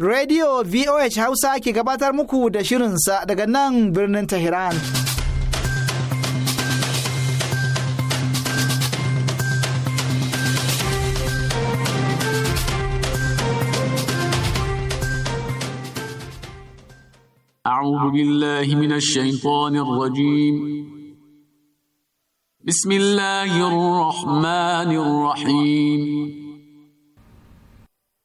radio vior hausa ke gabatar muku da shirin sa daga nan birnin tehran. a abu biyar la himmi na shayin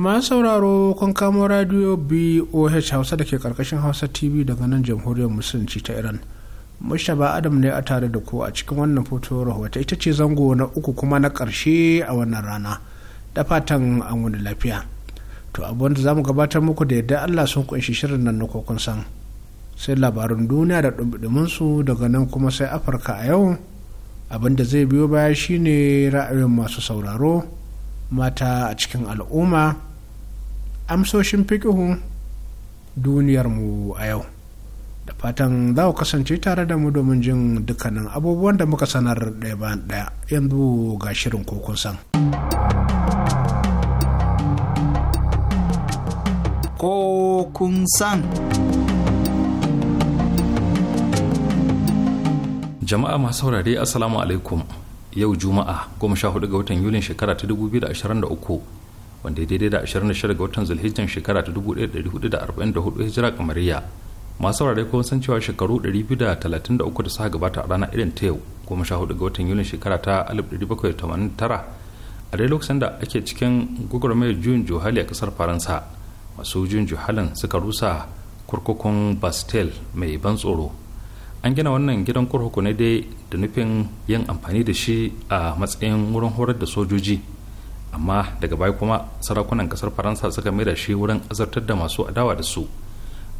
masu sauraro kun kamo radio boh hausa da ke karkashin hausa tv daga nan jamhuriyar musulunci ta iran mushaba adam ne a tare da ku a cikin wannan foto rahoto ita ce zango na uku kuma na karshe a wannan rana da fatan an wani lafiya to abin da za mu gabatar muku da yadda allah sun kunshi shirin nan na kokon san sai labarin duniya da ɗumɗumin su daga nan kuma sai afirka a yau abin da zai biyo baya shine ra'ayin masu sauraro mata a cikin al'umma amsoshin fikihun mu a yau da fatan za ku kasance tare da mu domin jin dukkanin abubuwan da muka sanar ɗaya ba ɗaya yanzu ga shirin kokun san kokun san jama'a masu saurare assalamu alaikum yau juma'a 14 ga watan yulin shekara ta 2023 wanda daidai da 26 ga watan zulhijjan shekara ta 1444 hijira kamariya masu saurare kuma san cewa shekaru 233 da suka gabata a rana irin ta yau goma sha hudu ga watan yulin shekara ta 1789 a dai lokacin da ake cikin gwagwarmayar juyin juhali a kasar faransa masu juyin juhalin suka rusa kurkukun bastille mai ban tsoro an gina wannan gidan kurkuku ne dai da nufin yin amfani da shi a matsayin wurin horar da sojoji amma daga baya kuma sarakunan kasar faransa suka mai da shi wurin azartar da masu adawa da su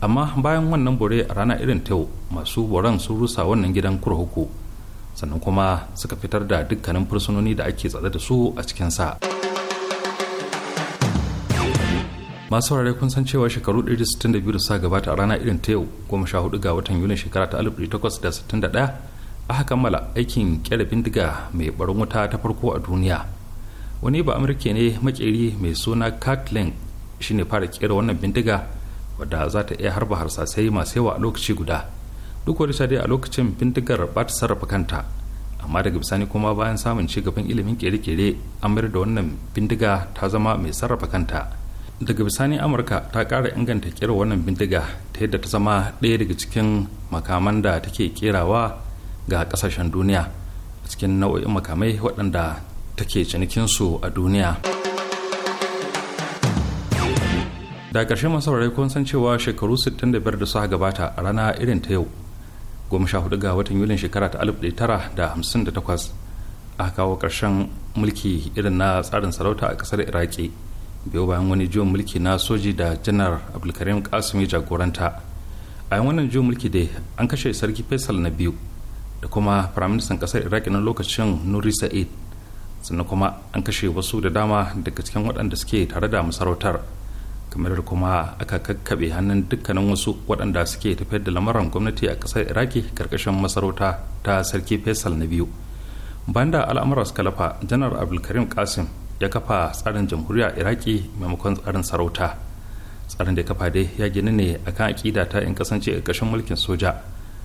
amma bayan wannan bore a rana irin ta masu boran sun rusa wannan gidan kurhuku sannan kuma suka fitar da dukkanin fursunoni da ake tsada da su a cikinsa masu saurare kun san cewa shekaru 162 da suka gabata a rana irin ta yau goma sha hudu ga watan yuni shekara ta 1861 aka kammala aikin kera bindiga mai barin wuta ta farko a duniya wani ba amurke ne makeri mai suna kathleen shine fara kera wannan bindiga wadda za ta iya harba harsasai masu yawa a lokaci guda duk wani dai a lokacin bindigar ba ta sarrafa kanta amma daga bisani kuma bayan samun ci gaban ilimin kere-kere an da wannan bindiga ta zama mai sarrafa kanta daga bisani amurka ta kara inganta kera wannan bindiga ta yadda ta zama ɗaya daga cikin makaman da take kerawa ga kasashen duniya cikin nau'o'in makamai waɗanda take cinikinsu a duniya da ƙarshe masu saurari kun san cewa shekaru 65 da suka gabata a rana irin ta yau goma sha hudu ga watan yulin shekara ta alif tara da hamsin da takwas a kawo ƙarshen mulki irin na tsarin sarauta a ƙasar iraki biyu bayan wani jiwon mulki na soji da janar abdulkarim kasimi jagoranta a yan wannan jiwon mulki dai an kashe sarki faisal na biyu da kuma firaministan ƙasar iraki na lokacin nuri sa'id sannan kuma an kashe wasu da dama daga cikin waɗanda suke tare da masarautar kamar da kuma aka kakkaɓe hannun dukkanin wasu waɗanda suke tafiyar da lamarin gwamnati a ƙasar iraki karkashin masarauta ta sarki faisal na biyu bayan da al'amura suka lafa janar abdulkarim kasim ya kafa tsarin jamhuriya iraki maimakon tsarin sarauta tsarin da ya kafa dai ya gini ne akan aƙida ta in kasance ƙarƙashin mulkin soja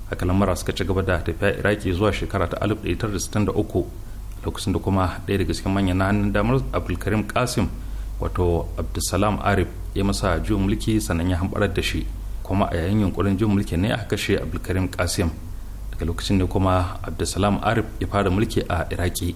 haka lamura suka ci gaba da tafiya iraki zuwa shekara ta da uku. lokacin da kuma ɗaya daga cikin manyan na hannun damar abdulkarim kasim wato abdulsalam arif ya masa juyin mulki sannan ya hamɓarar da shi kuma a yayin yunkurin juyin mulki ne aka kashe abdulkarim kasim daga lokacin da kuma abdulsalam arif ya fara mulki a iraki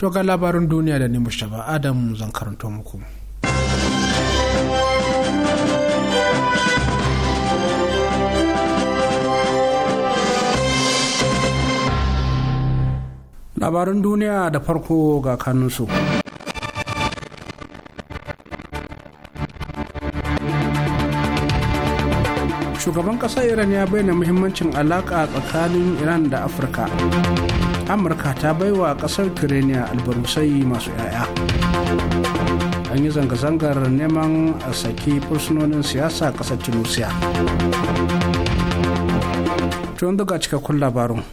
to ga labarin duniya da ne shaba adam zan karanto muku labarin duniya da farko ga kanunsu. shugaban ƙasar iran ya bayyana muhimmancin alaƙa tsakanin iran da afirka amurka ta baiwa kasar kirenia albarusai masu 'ya'ya an yi zanga-zangar neman a saki fursunonin siyasa kasar tunisia tun daga cikakkun labarun.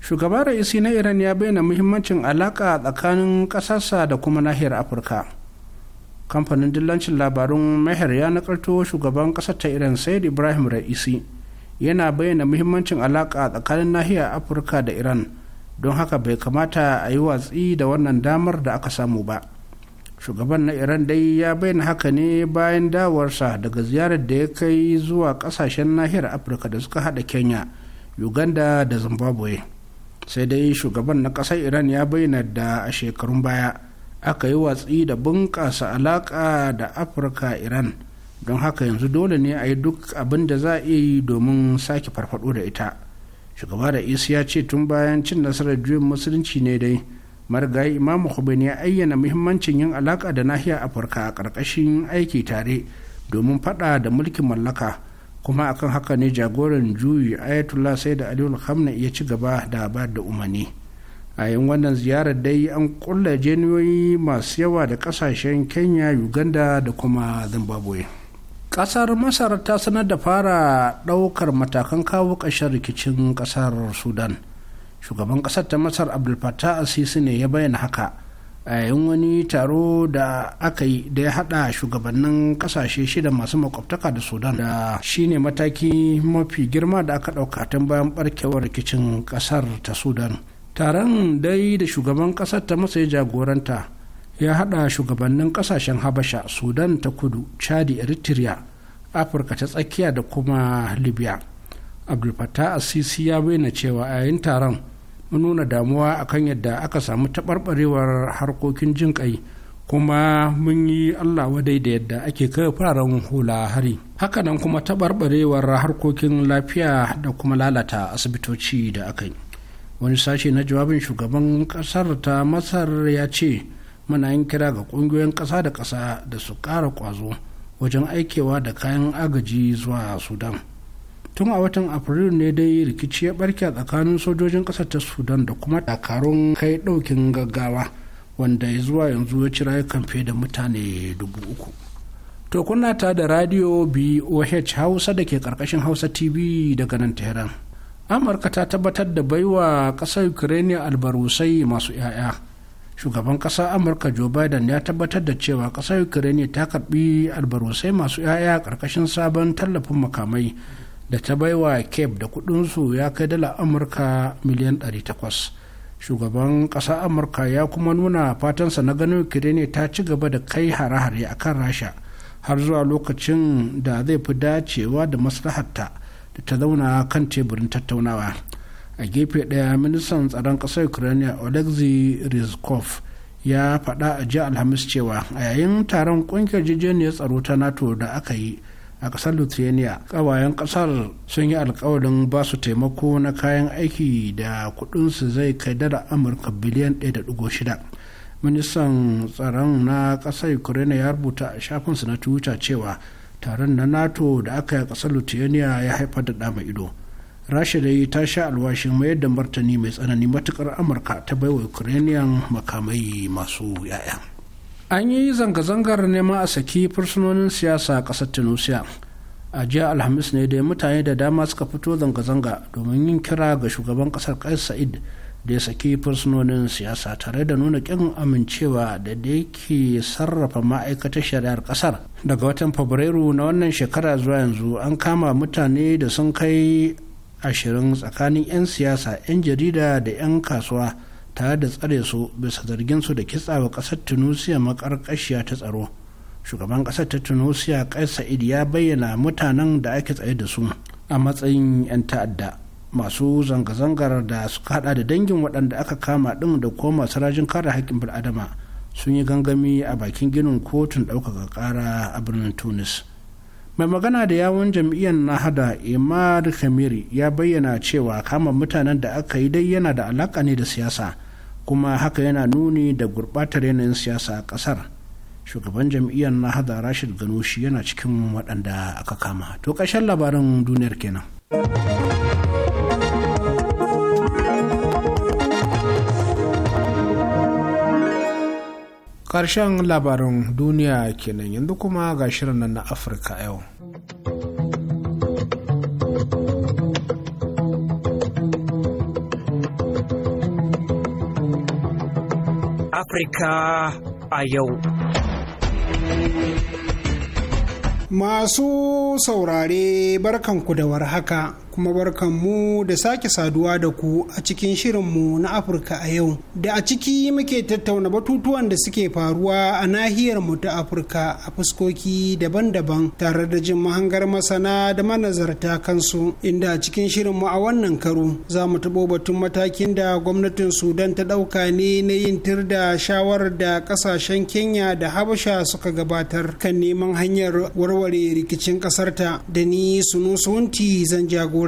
shugaban raisi na iran ya bayyana muhimmancin alaka tsakanin ƙasarsa da kuma nahiyar afirka kamfanin dillancin labarun meher ya nakarto shugaban ƙasar ta iran said ibrahim raisi yana bayyana muhimmancin alaƙa tsakanin nahiyar afirka da iran don haka bai kamata a yi watsi da wannan damar da aka samu ba shugaban na iran dai ya bayyana haka ne bayan dawarsa daga ziyarar da ya kai zuwa kasashen nahiyar afirka da suka hada kenya uganda da zimbabwe sai dai shugaban na ƙasar iran ya bayyana da a shekarun baya aka yi watsi da bunƙasa alaƙa da afirka iran don haka yanzu dole ne a yi duk abin da za a iya yi domin sake farfado da ita shugaba da isi ya ce tun bayan cin nasarar juyin musulunci ne dai marigayi imamu khomeini ya ayyana muhimmancin yin alaka da nahiyar afirka a ƙarƙashin aiki tare domin fada da mulkin mallaka kuma akan haka ne jagoran juyi ayatollah sai da aliyu iya ya ci gaba da ba da umarni a yin wannan ziyarar dai an kulla jeniyoyi masu yawa da kasashen kenya uganda da kuma zimbabwe kasar masar ta sanar da fara daukar matakan kawo ƙarshen rikicin kasar sudan shugaban kasar ta masar abdul fattah asisi ne ya bayyana haka a yayin wani taro da aka yi da ya hada shugabannin kasashe shida masu makwabtaka da sudan da shine mataki mafi girma da aka dauka tun bayan barkewar rikicin kasar ta sudan taron dai da shugaban kasar ta masa ya jagoranta ya haɗa shugabannin ƙasashen habasha sudan ta kudu chadi eritrea afirka ta tsakiya da kuma libya abdulfata asisi ya bayyana cewa yayin taron mun nuna damuwa akan yadda aka samu taɓarɓarewar harkokin jin ƙai kuma mun yi allah wadai da yadda ake kai fararen hula hari hakanan kuma taɓarɓarewar harkokin lafiya da kuma lalata asibitoci da aka yi wani sashe na jawabin shugaban ƙasar ta masar ya ce muna yin kira ga kungiyoyin ƙasa da ƙasa da su ƙara ƙwazo wajen aikewa da kayan agaji zuwa sudan tun a watan afrilu ne dai rikici ya barke a tsakanin sojojin ƙasar ta sudan da kuma dakarun kai ɗaukin gaggawa wanda ya zuwa yanzu ya ci rayukan fiye da mutane dubu uku to kuna ta da radio boh hausa da ke ƙarƙashin hausa tv daga nan tehran amurka ta tabbatar da baiwa ƙasar ukraine albarusai masu 'ya'ya shugaban kasa amurka joe biden ya tabbatar da cewa ƙasar ukraine ta karbi albarosai masu 'ya'ya ƙarƙashin sabon tallafin makamai da ta baiwa cape da kudinsu ya kai dala amurka miliyan 800 shugaban kasa amurka ya kuma nuna fatansa na ganin ukraine ta ci gaba da kai hare-hare a kan rasha har zuwa lokacin da zai fi dacewa da maslaharta da ta zauna kan teburin tattaunawa a gefe daya ministan tsaron ƙasar ukraine alexei rizkov ya faɗa a jiya alhamis cewa a yayin taron ƙungiyar jijiyar tsaro ta nato da aka yi a ƙasar lithuania ƙawayen ƙasar sun yi alkawarin ba su taimako na kayan aiki da kuɗinsu zai kai dala amurka biliyan 1.6 ministan tsaron na ƙasar ukraine ya rubuta a shafinsu na twitter cewa taron na nato da aka yi a ƙasar lithuania ya haifar da ɗama ido rasha yi ta sha alwashin mayar da martani mai tsanani matukar amurka ta baiwa ukrainian makamai masu yaya an yi zanga-zangar neman a saki fursunonin siyasa a ƙasar tunisia a jiya alhamis ne dai mutane da dama suka fito zanga-zanga domin yin kira ga shugaban ƙasar kais sa'id da ya saki fursunonin siyasa tare da nuna ƙin amincewa da da yake sarrafa ma'aikatar shari'ar ƙasar daga watan fabrairu na wannan shekara zuwa yanzu an kama mutane da sun kai ashirin tsakanin 'yan siyasa 'yan jarida da 'yan kasuwa tare da tsare su bisa zargin su da kitsa wa ƙasar tunisia makarkashiya ta tsaro shugaban ƙasar ta tunisia kais sa'id ya bayyana mutanen da ake tsaye da su a matsayin 'yan ta'adda masu zanga-zangar da suka hada da dangin waɗanda aka kama ɗin da kuma masu rajin kare haƙƙin bil'adama sun yi gangami a bakin ginin kotun ɗaukaka ƙara a birnin tunis mai magana da yawon jam'iyyar nahada imad khamiri ya bayyana cewa kama mutanen da aka yi dai yana da alaka ne da siyasa kuma haka yana nuni da gurbatar yanayin siyasa a kasar shugaban jam'iyyar nahada rashid ganushi yana cikin waɗanda aka kama to ƙarshen labarin duniyar kenan Karshen labarin duniya kenan yanzu kuma ga shirin nan na afirka yau afirka a yau masu saurare barkanku da haka. kuma barkan mu da sake saduwa da ku a cikin shirinmu na Afirka a yau. Da a ciki muke tattauna batutuwan da suke faruwa a nahiyar mu ta Afirka a fuskoki daban-daban tare da jin mahangar masana da manazarta kansu inda a cikin mu a wannan karo za mu taɓo batun matakin da gwamnatin Sudan ta ɗauka ne na yin tir da shawarar da ƙasashen Kenya da Habasha suka gabatar kan neman hanyar warware rikicin ƙasarta da ni Sunusunti zan jagora.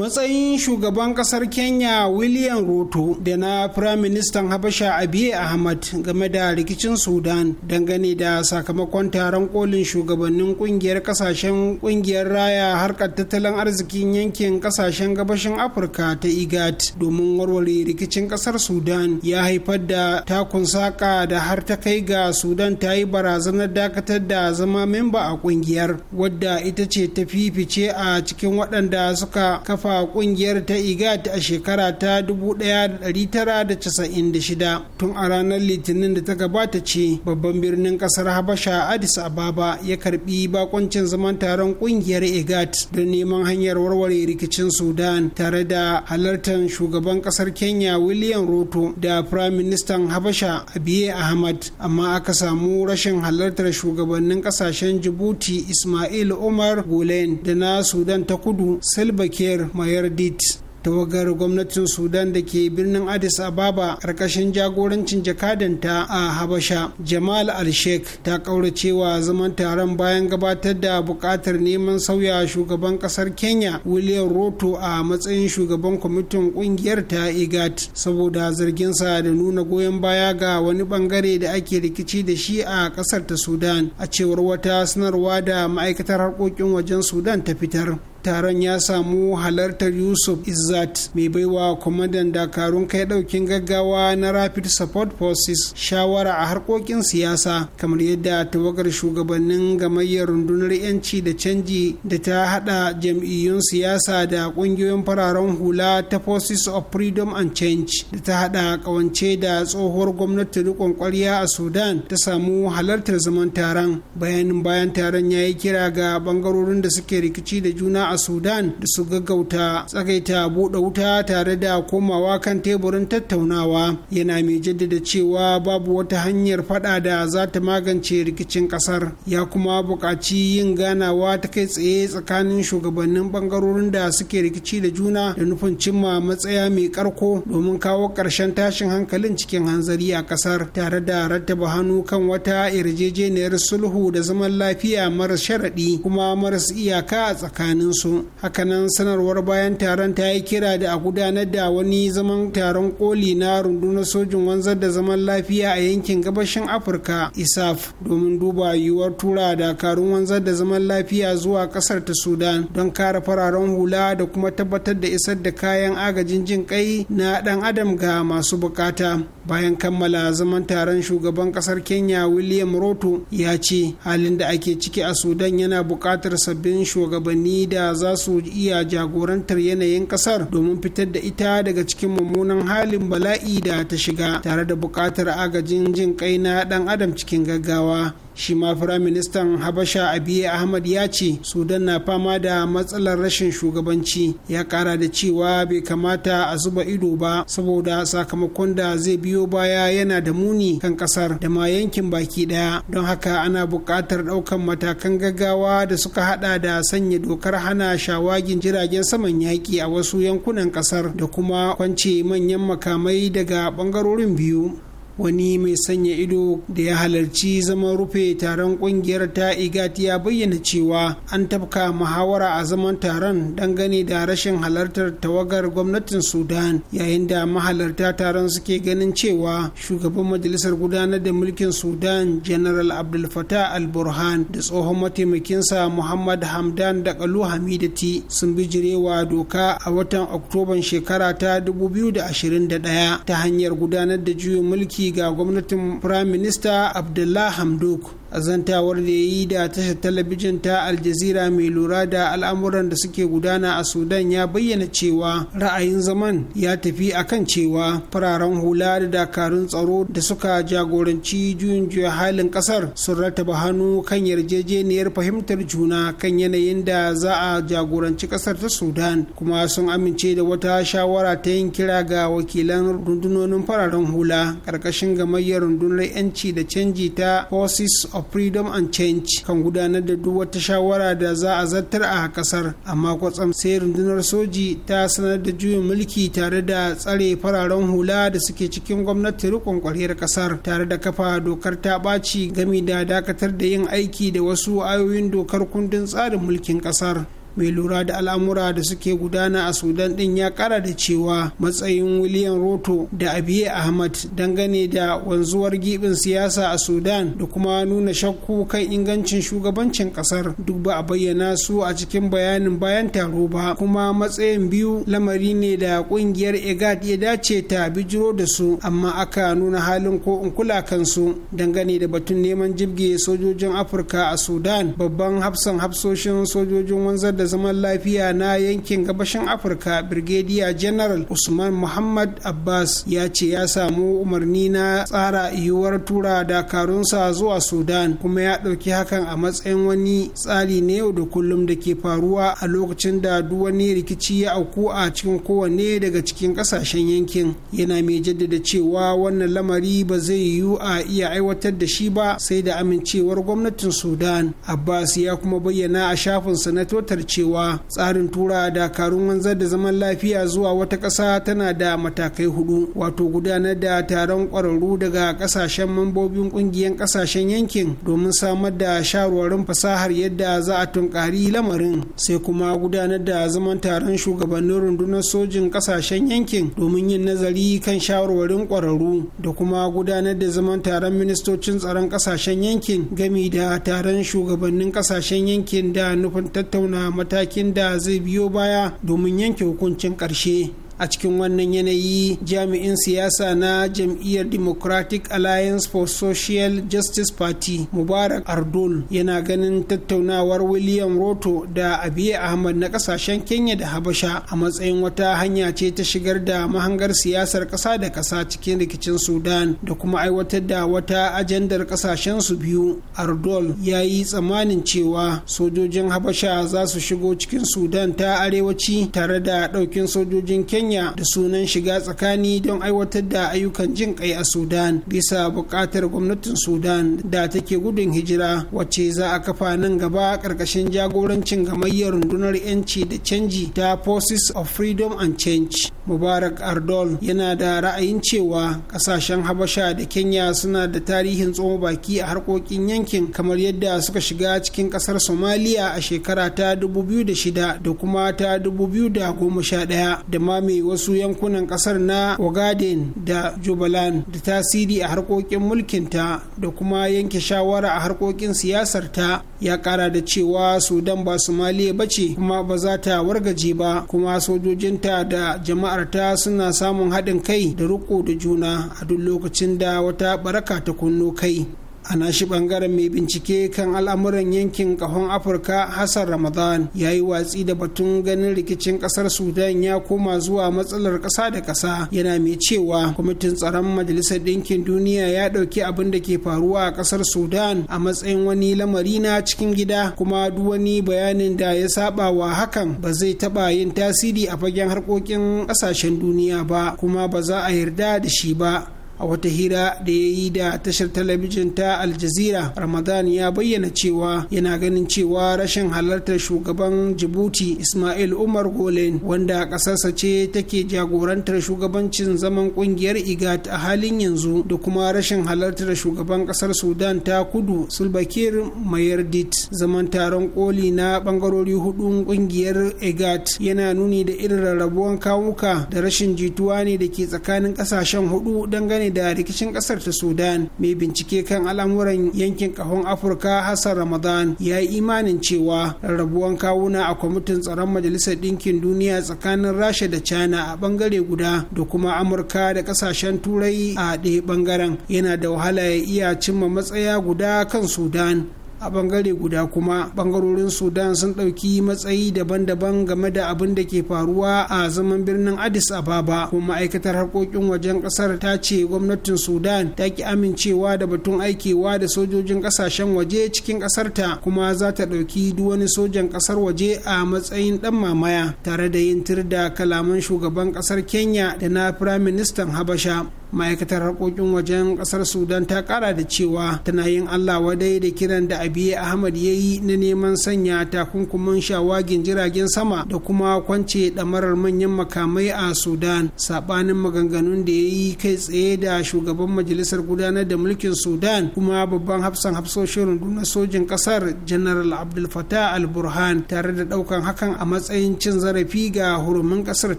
matsayin shugaban kasar kenya william ruto da na firaministan habasha abiy ahmad game da rikicin sudan dangane da sakamakon taron kolin shugabannin kungiyar kasashen kungiyar raya harkar tattalin arzikin yankin kasashen gabashin afirka ta igat domin warware rikicin kasar sudan ya haifar da takun saka da har ta kai ga sudan ta yi barazanar dakatar da zama memba a kungiyar wadda ita ce ta fifice a cikin waɗanda suka kafa kafa kungiyar ta igat a shekara ta 1996 tun a ranar litinin da ta gabata ce babban birnin kasar habasha addis ababa ya karbi bakoncin zaman taron kungiyar igat don neman hanyar warware rikicin sudan tare da halartar shugaban kasar kenya william ruto da prime ministan habasha abiye ahmad amma aka samu rashin halartar shugabannin kasashen jibuti ismail umar gulen da na sudan ta kudu salva kiir dit tawagar gwamnatin sudan da ke birnin addis ababa ƙarƙashin jagorancin jakadanta a habasha jamal al-sheikh ta cewa zaman taron bayan gabatar da buƙatar neman sauya shugaban ƙasar kenya william roto a matsayin shugaban kwamitin ƙungiyar ta igat saboda zarginsa da nuna goyon baya ga wani ɓangare da ake rikici da shi a ƙasar ta sudan a cewar wata sanarwa da ma'aikatar harkokin wajen sudan ta fitar taron ya samu halartar yusuf izzat mai baiwa kwamandan dakarun kai daukin gaggawa na rapid support forces shawara a harkokin siyasa kamar yadda tawagar shugabannin gamayyar rundunar yanci da canji da ta hada jam'iyyun siyasa da kungiyoyin fararen hula ta forces of freedom and change da ta hada kawance da tsohuwar gwamnati rikon kwarya a sudan ta samu halartar zaman taron bayanin bayan taron ya yi kira ga bangarorin da suke rikici da juna a sudan da su gaggauta tsagaita buɗe wuta tare da komawa kan teburin tattaunawa yana mai jaddada cewa babu wata hanyar fada da za ta magance rikicin ƙasar ya kuma buƙaci yin ganawa ta kai tsaye tsakanin shugabannin ɓangarorin da suke rikici da juna da nufin cimma matsaya mai ƙarko domin kawo ƙarshen tashin hankalin cikin hanzari a ƙasar. tare da rattaba hannu kan wata yarjejeniyar sulhu da zaman lafiya maras sharaɗi kuma maras iyaka a tsakaninsu su hakanan sanarwar bayan taron ta yi kira da a gudanar da wani zaman taron koli na rundunar sojin wanzar da zaman lafiya a yankin gabashin afirka isaf domin duba yiwuwar tura dakarun wanzar da zaman lafiya zuwa kasar ta sudan don kare fararen hula da kuma tabbatar da isar da kayan agajin jin kai na dan adam ga masu bukata bayan kammala zaman taron shugaban kasar kenya william roto ya ce halin da ake ciki a sudan yana bukatar sabbin shugabanni da za su iya jagorantar yanayin kasar domin fitar da ita daga cikin mummunan halin bala'i da ta shiga tare da buƙatar agajin jin kai na ɗan adam cikin gaggawa shi ma firaministan habasha abiye ahmad ya ce sudan na fama da matsalar rashin shugabanci ya kara da cewa bai kamata a zuba ido ba saboda sakamakon da zai biyo baya yana da muni kan kasar da ma yankin baki daya don haka ana buƙatar ɗaukan matakan gaggawa da suka hada da sanya dokar hana shawagin jiragen saman yaƙi a wasu yankunan kasar da kuma kwance manyan makamai daga bangarorin biyu wani mai sanya ido da ya halarci zaman rufe taron kungiyar ta igat ya bayyana cewa an tafka muhawara a zaman taron dangane da rashin halartar tawagar gwamnatin sudan yayin da mahalarta taron suke ganin cewa shugaban majalisar gudanar da mulkin sudan general abdul fatah al burhan da tsohon mataimakinsa muhammad hamdan da kalu hamidati sun bijirewa doka a watan oktoban shekara ta 2021 ta hanyar gudanar da juyin mulki ga gwamnatin firaminista abdullah hamdok azantawar da ya yi da tashar talabijin ta aljazira mai lura da al'amuran da suke gudana a sudan ya bayyana cewa ra'ayin zaman ya tafi a kan cewa fararen hula da dakarun tsaro da suka jagoranci juyin juya halin kasar sun rataba hannu kan yarjejeniyar fahimtar juna kan yanayin da za a jagoranci kasar ta sudan kuma sun amince da wata shawara ta yin kira ga wakilan rundunonin fararen hula ƙarƙashin gamayyar rundunar 'yanci da canji ta forces of of freedom and change kan gudanar da duk wata shawara da za a zartar a kasar amma kwatsam sai rundunar soji ta sanar da juyin mulki tare da tsare fararen hula da suke cikin gwamnati rikon kwaryar kasar tare da kafa dokar ta ɓaci gami da dakatar da yin aiki da wasu ayoyin dokar kundin tsarin mulkin kasar mai lura da al'amura da suke gudana a sudan din ya kara da cewa matsayin william roto da abiye ahmad dangane da wanzuwar gibin siyasa a sudan da kuma nuna shakku kan ingancin shugabancin kasar duk ba a bayyana su a cikin bayanin bayan taro ba kuma matsayin biyu lamari ne da kungiyar egad ya dace ta bijiro da su amma aka nuna halin ko in kula kansu dangane da batun neman jibge sojojin afirka a sudan babban hafsan hafsoshin sojojin wanzar da zaman lafiya na yankin gabashin afirka brigadier general usman muhammad abbas ya ce ya samu umarni na tsara yiwuwar tura dakarunsa zuwa sudan kuma ya ɗauki hakan a matsayin wani tsari na yau da kullum da ke faruwa a lokacin da duk wani rikici ya auku a cikin kowanne daga cikin ƙasashen yankin yana mai jaddada cewa wannan lamari ba zai yiwu a iya aiwatar da shi ba sai da amincewar gwamnatin sudan abbas ya kuma bayyana a shafinsa na totar cewa tsarin tura dakarun wanzar da zaman lafiya zuwa wata ƙasa tana da matakai hudu wato gudanar da taron ƙwararru daga ƙasashen mambobin ƙungiyar ƙasashen yankin domin samar da shawarwarin fasahar yadda za a tunkari lamarin sai kuma gudanar da zaman taron shugabannin rundunar sojin ƙasashen yankin domin yin nazari kan shawarwarin ƙwararru da kuma gudanar da zaman taron ministocin tsaron ƙasashen yankin gami da taron shugabannin ƙasashen yankin da nufin tattauna matakin da zai biyo baya domin yanke hukuncin ƙarshe a cikin wannan yanayi jami'in siyasa na jam'iyyar democratic alliance for social justice party mubarak ardol yana ganin tattaunawar william roto da abiy ahmad na kasashen kenya da habasha a matsayin wata hanya ce ta shigar da mahangar siyasar kasa da kasa cikin rikicin sudan da kuma aiwatar da wata ajandar kasashen su biyu ardol ya yi tsamanin cewa sojojin habasha za su shigo cikin sudan ta arewaci tare da ɗaukin sojojin kenya kenya da sunan shiga tsakani don aiwatar da ayyukan jin kai a sudan bisa buƙatar gwamnatin sudan da take gudun hijira wacce za a kafa nan gaba ƙarƙashin jagorancin gamayyar rundunar 'yanci da canji ta forces of freedom and change mubarak ardol yana da ra'ayin cewa kasashen habasha da kenya suna da tarihin tsohon baki a harkokin yankin kamar yadda suka shiga cikin kasar somaliya a shekara ta 2006 da kuma ta 2011 da mame wasu yankunan kasar na ogaden da jubaland da tasiri a harkokin mulkinta da kuma yanke shawara a harkokin siyasarta ya kara da cewa sudan ba somaliya ba ce kuma ba za ta wargaje ba kuma sojojinta da jama'ar mashawarta suna samun haɗin kai da riko da juna a duk lokacin da wata baraka ta kunno kai a nashi bangaren mai bincike kan al'amuran yankin kahon afirka hassan ramadan ya yi watsi da batun ganin rikicin kasar sudan ya koma zuwa matsalar kasa da kasa yana mai cewa kwamitin tsaron majalisar ɗinkin duniya ya ɗauki abin da ke faruwa a kasar sudan a matsayin wani lamari na cikin gida kuma duk wani bayanin da ya saba wa hakan ba zai taɓa yin tasiri a fagen harkokin ƙasashen duniya ba kuma ba za a yarda da shi ba a wata hira da ya yi da tashar talabijin ta aljazira ramadan ya bayyana cewa yana ganin cewa rashin halartar shugaban jibuti ismail umar golen wanda ƙasarsa ce take jagorantar shugabancin zaman ƙungiyar igat a halin yanzu da kuma rashin halartar shugaban ƙasar sudan ta kudu sulbakir mayardit zaman taron koli na ɓangarori hudun ƙungiyar igat yana nuni da irin rarrabuwan kawuka da rashin jituwa ne da ke tsakanin ƙasashen hudu dangane da rikicin kasar ta sudan mai bincike kan al'amuran yankin kahon afirka hassan ramadan ya yi imanin cewa rarrabuwan kawuna a kwamitin tsaron majalisar ɗinkin duniya tsakanin rasha da china a bangare guda da kuma amurka da kasashen turai a ɗaya bangaren yana da wahala ya iya cimma matsaya guda kan sudan a bangare guda kuma bangarorin sudan sun ɗauki matsayi daban-daban game da abin da ke faruwa a zaman birnin addis ababa kuma ma'aikatar harkokin wajen ƙasar ta ce gwamnatin sudan ta ki amincewa da batun aikewa da sojojin ƙasashen waje cikin ƙasarta kuma za ta ɗauki duk wani sojan ƙasar waje a matsayin ɗan mamaya tare da yin tir da kalaman shugaban ƙasar kenya da na firaministan habasha ma'aikatar harkokin wajen kasar sudan ta kara da cewa tana yin allah wadai da kiran da abiye ahmad ya yi na neman sanya takunkumin shawagin jiragen sama da kuma kwance damarar manyan makamai a sudan saɓanin maganganun da ya yi kai tsaye da shugaban majalisar gudanar da mulkin sudan kuma babban hafsan hafsoshin rundunar sojin kasar general abdul fatah al burhan tare da ɗaukan hakan a matsayin cin zarafi ga hurumin kasar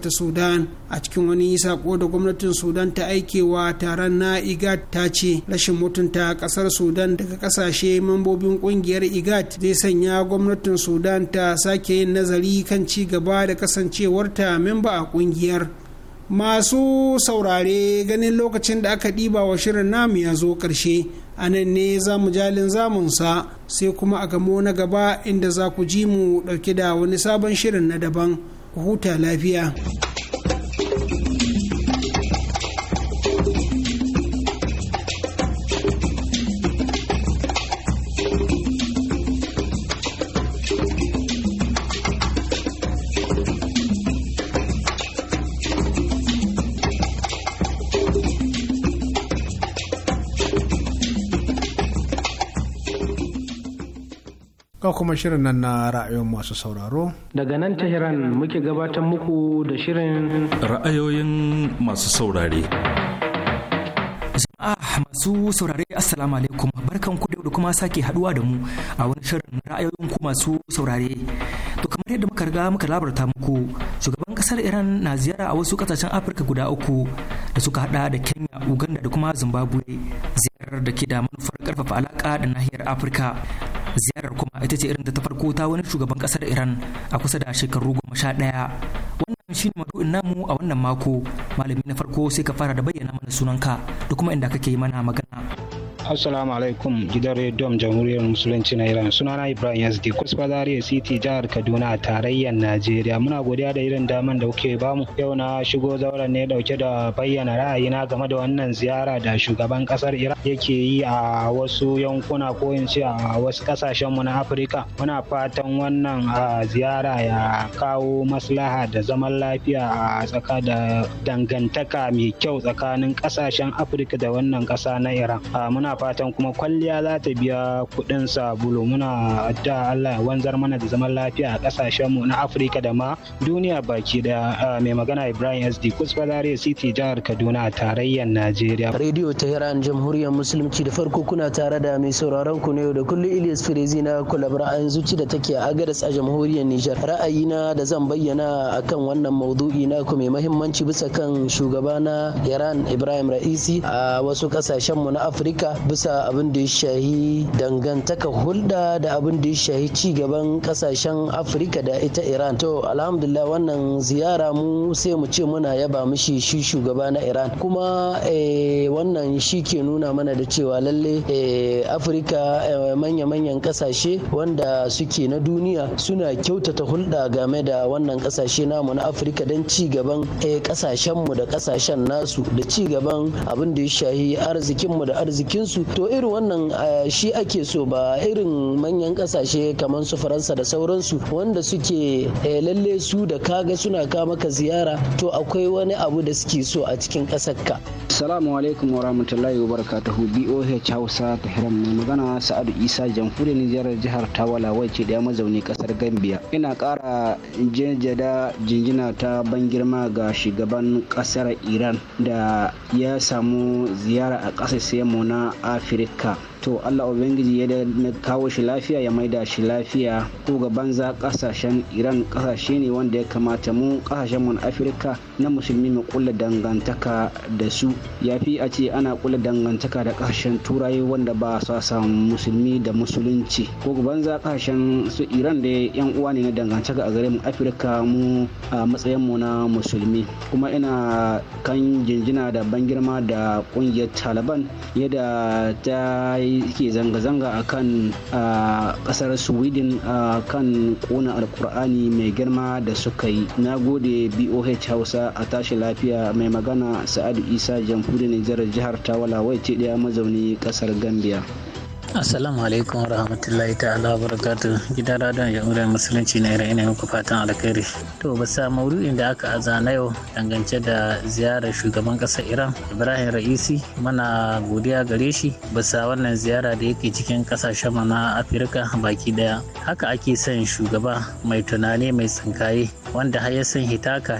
ta sudan a cikin wani sako da gwamnatin sudan ta aike cewa taron na igat ta ce rashin mutunta kasar sudan daga kasashe mambobin kungiyar igat zai sanya gwamnatin sudan ta sake yin nazari kan ci gaba da kasancewarta memba a kungiyar masu saurare ganin lokacin da aka ɗiba wa shirin namu ya zo ƙarshe a nan ne za mu jalin zamunsa sai kuma a gamo na gaba inda za ku ji mu ɗauke da wani sabon shirin na daban ku huta lafiya. kuma shirin nan na ra'ayoyin masu sauraro. Daga nan Tehran muke gabatar muku da shirin ra'ayoyin masu saurare. Jama'a masu saurare Assalamu alaikum barkan ku da kuma sake haduwa da mu a wani shirin ra'ayoyin ku masu saurare. To kamar yadda muka riga muka labarta muku shugaban kasar Iran na ziyara a wasu kasashen Afirka guda uku da suka hada da Kenya, Uganda da kuma Zimbabwe ziyarar da ke da manufar karfafa alaka da nahiyar Afirka. ziyarar kuma ita ce irin da ta farko ta wani shugaban kasar iran a kusa da shekaru goma sha ɗaya wannan shine maudu'in namu a wannan mako malami na farko sai ka fara da bayyana mana sunanka da kuma inda kake yi mana magana assalamu alaikum gidan rediyon jamhuriyar musulunci na iran sunana ibrahim yazdi kusfa Zariya city jihar kaduna tarayyan tarayyar najeriya muna godiya da irin daman da kuke bamu yau na shigo zauren ne dauke da bayyana ra'ayina game da wannan ziyara da shugaban kasar iran yake yi a wasu yankuna ko in ce a wasu kasashenmu na afirka muna fatan wannan ziyara ya kawo maslaha da zaman lafiya a tsaka da dangantaka mai kyau tsakanin kasashen afirka da wannan kasa na iran muna fatan kuma kwalliya za ta biya kuɗin sabulu muna da Allah wanzar mana da zaman lafiya a ƙasashenmu na Afirka da ma duniya baki da mai magana Ibrahim SD Kusbalare City jihar Kaduna a tarayyar Najeriya. Radio Tehran Jamhuriyar Musulunci da farko kuna tare da mai sauraron ku ne da kullum Ilyas Firezi na kulabra an zuci da take a Agadas a Jamhuriyar Nijar. Ra'ayina da zan bayyana akan wannan maudu'i na ku mai mahimmanci bisa kan shugaba na Iran Ibrahim Ra'isi a wasu kasashen mu na Afirka bisa abin da ya shahi dangantaka hulɗa da abin da ya shahi ci gaban kasashen afirka da ita iran to alhamdulillah wannan ziyara mu sai mu ce muna yaba mishi shi shugaba na iran kuma eh, wannan shi ke nuna mana da cewa lalle eh, afirka eh, manya-manyan kasashe wanda suke na duniya suna kyautata hulɗa game da wannan kasashe namu na afirka don ci gaban mu da kasashen nasu da ci gaban abin da ya shahi arzikinmu da arzikinsu su to irin wannan shi ake so ba irin manyan kasashe kamar su faransa da sauransu wanda suke eh, lalle su da kaga suna ka maka ziyara to akwai wani abu da suke so a cikin ƙasar ka salamu alaikum wa rahmatullahi wa barakatuhu boh hausa ta hiram mai magana sa'adu isa jamhuriyar nijar jihar tawala wacce da ya mazauni kasar gambia ina kara jejjada jinjina ta ban girma ga shugaban kasar iran da ya samu ziyara a ƙasar mu na África. to allah ubangiji ya kawo shi lafiya ya maida shi lafiya ko ga banza kasashen iran kasashe ne wanda ya kamata mu kasashen mun afirka na musulmi mu kula dangantaka da su ya fi a ce ana kula dangantaka da kasashen turai wanda ba sa samu musulmi da musulunci ko ga banza kasashen su iran da yan uwa ne na dangantaka a garin afirka mu a matsayin mu na musulmi kuma ina kan jinjina da ban girma da kungiyar taliban yadda ta yi ke zanga-zanga a kan kasar sweden a kan kona alkur'ani mai girma da suka yi na gode boh hausa a tashi lafiya mai magana sa'adu isa jamhuriyar nijar jihar tawala wai ce ɗaya mazauni kasar gambia Assalamu alaikum wa rahmatullahi ta'ala wa barakatu gidan radon jamhuriyar musulunci na irin ina muku fatan alkhairi to sa maudu'in da aka azana yau dangance da ziyarar shugaban ƙasar iran ibrahim ra'isi mana godiya gare shi bisa wannan ziyara da yake cikin ƙasashen mana afirka baki daya haka ake son shugaba mai tunani mai tsinkaye wanda har ya san hitaka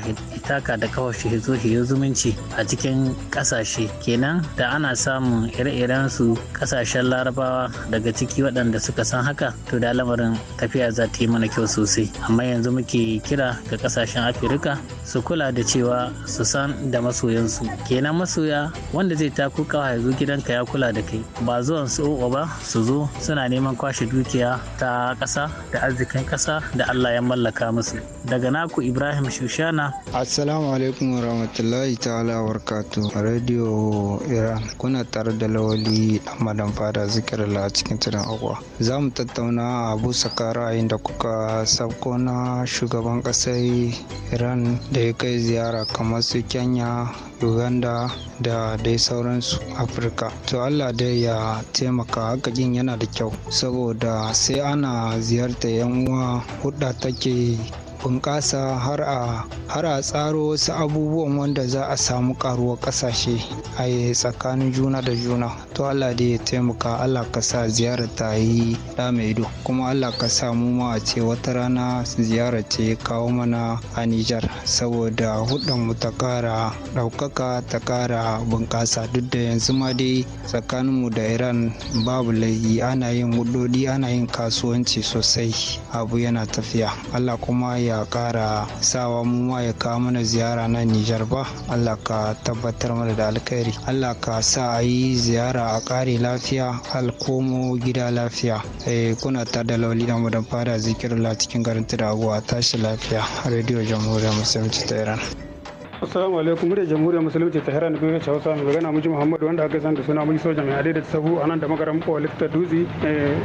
da kawai shi zo zumunci a cikin ƙasashe kenan da ana samun ire-iren su ƙasashen larabawa daga ciki waɗanda suka san haka to da lamarin tafiya za ta yi mana kyau sosai amma yanzu muke kira ga ƙasashen afirka su kula da cewa su san da masoyansu kenan masoya wanda zai taku kawa ya gidanka ya kula da kai ba zuwan su o'o ba su zo suna neman kwashe dukiya ta ƙasa da arzikin ƙasa da allah ya mallaka musu daga naku Ibrahim Shushana. Assalamu alaikum wa rahmatullahi ta'ala wa Radio Iran kuna tare da lawali madan Fada zikirla la cikin tunan agwa. Za mu tattauna abu saka ra'ayin da kuka sabko na shugaban ƙasar Iran da ya kai ziyara kamar su Kenya, Uganda da dai sauransu Afirka. To Allah dai ya taimaka hakakin yana da kyau saboda sai ana ziyartar 'yan uwa hudda take bunƙasa har a tsaro wasu abubuwan wanda za a samu karuwar ƙasashe a tsakanin juna da juna to Allah da ya taimaka Allah ka sa ziyarar ta yi da mai ido kuma Allah ka sa mu ma a ce wata rana ziyarar ce kawo mana a Nijar saboda hudun mu ta ƙara ɗaukaka ta kara bunƙasa duk da yanzu ma dai tsakaninmu da Iran babu laifi ana yin hudodi ana yin kasuwanci sosai abu yana tafiya Allah kuma ya ya kara sawa mu ma ya kawo mana ziyara nan Nijar ba Allah ka tabbatar mana da alkhairi Allah ka sa a yi ziyara a kare lafiya alkomo gida lafiya eh, kuna ta da lauli da madan fara zikirin cikin garin a tashi lafiya a rediyo jamhuriyar musulunci ta Iran. Assalamu alaikum muryar jamhuriyar musulunci ta Tehran biyu ta Hausa mai magana muji Muhammadu wanda aka san da suna muji soja mai adai da sabu a nan da magaran Polis likita Dutse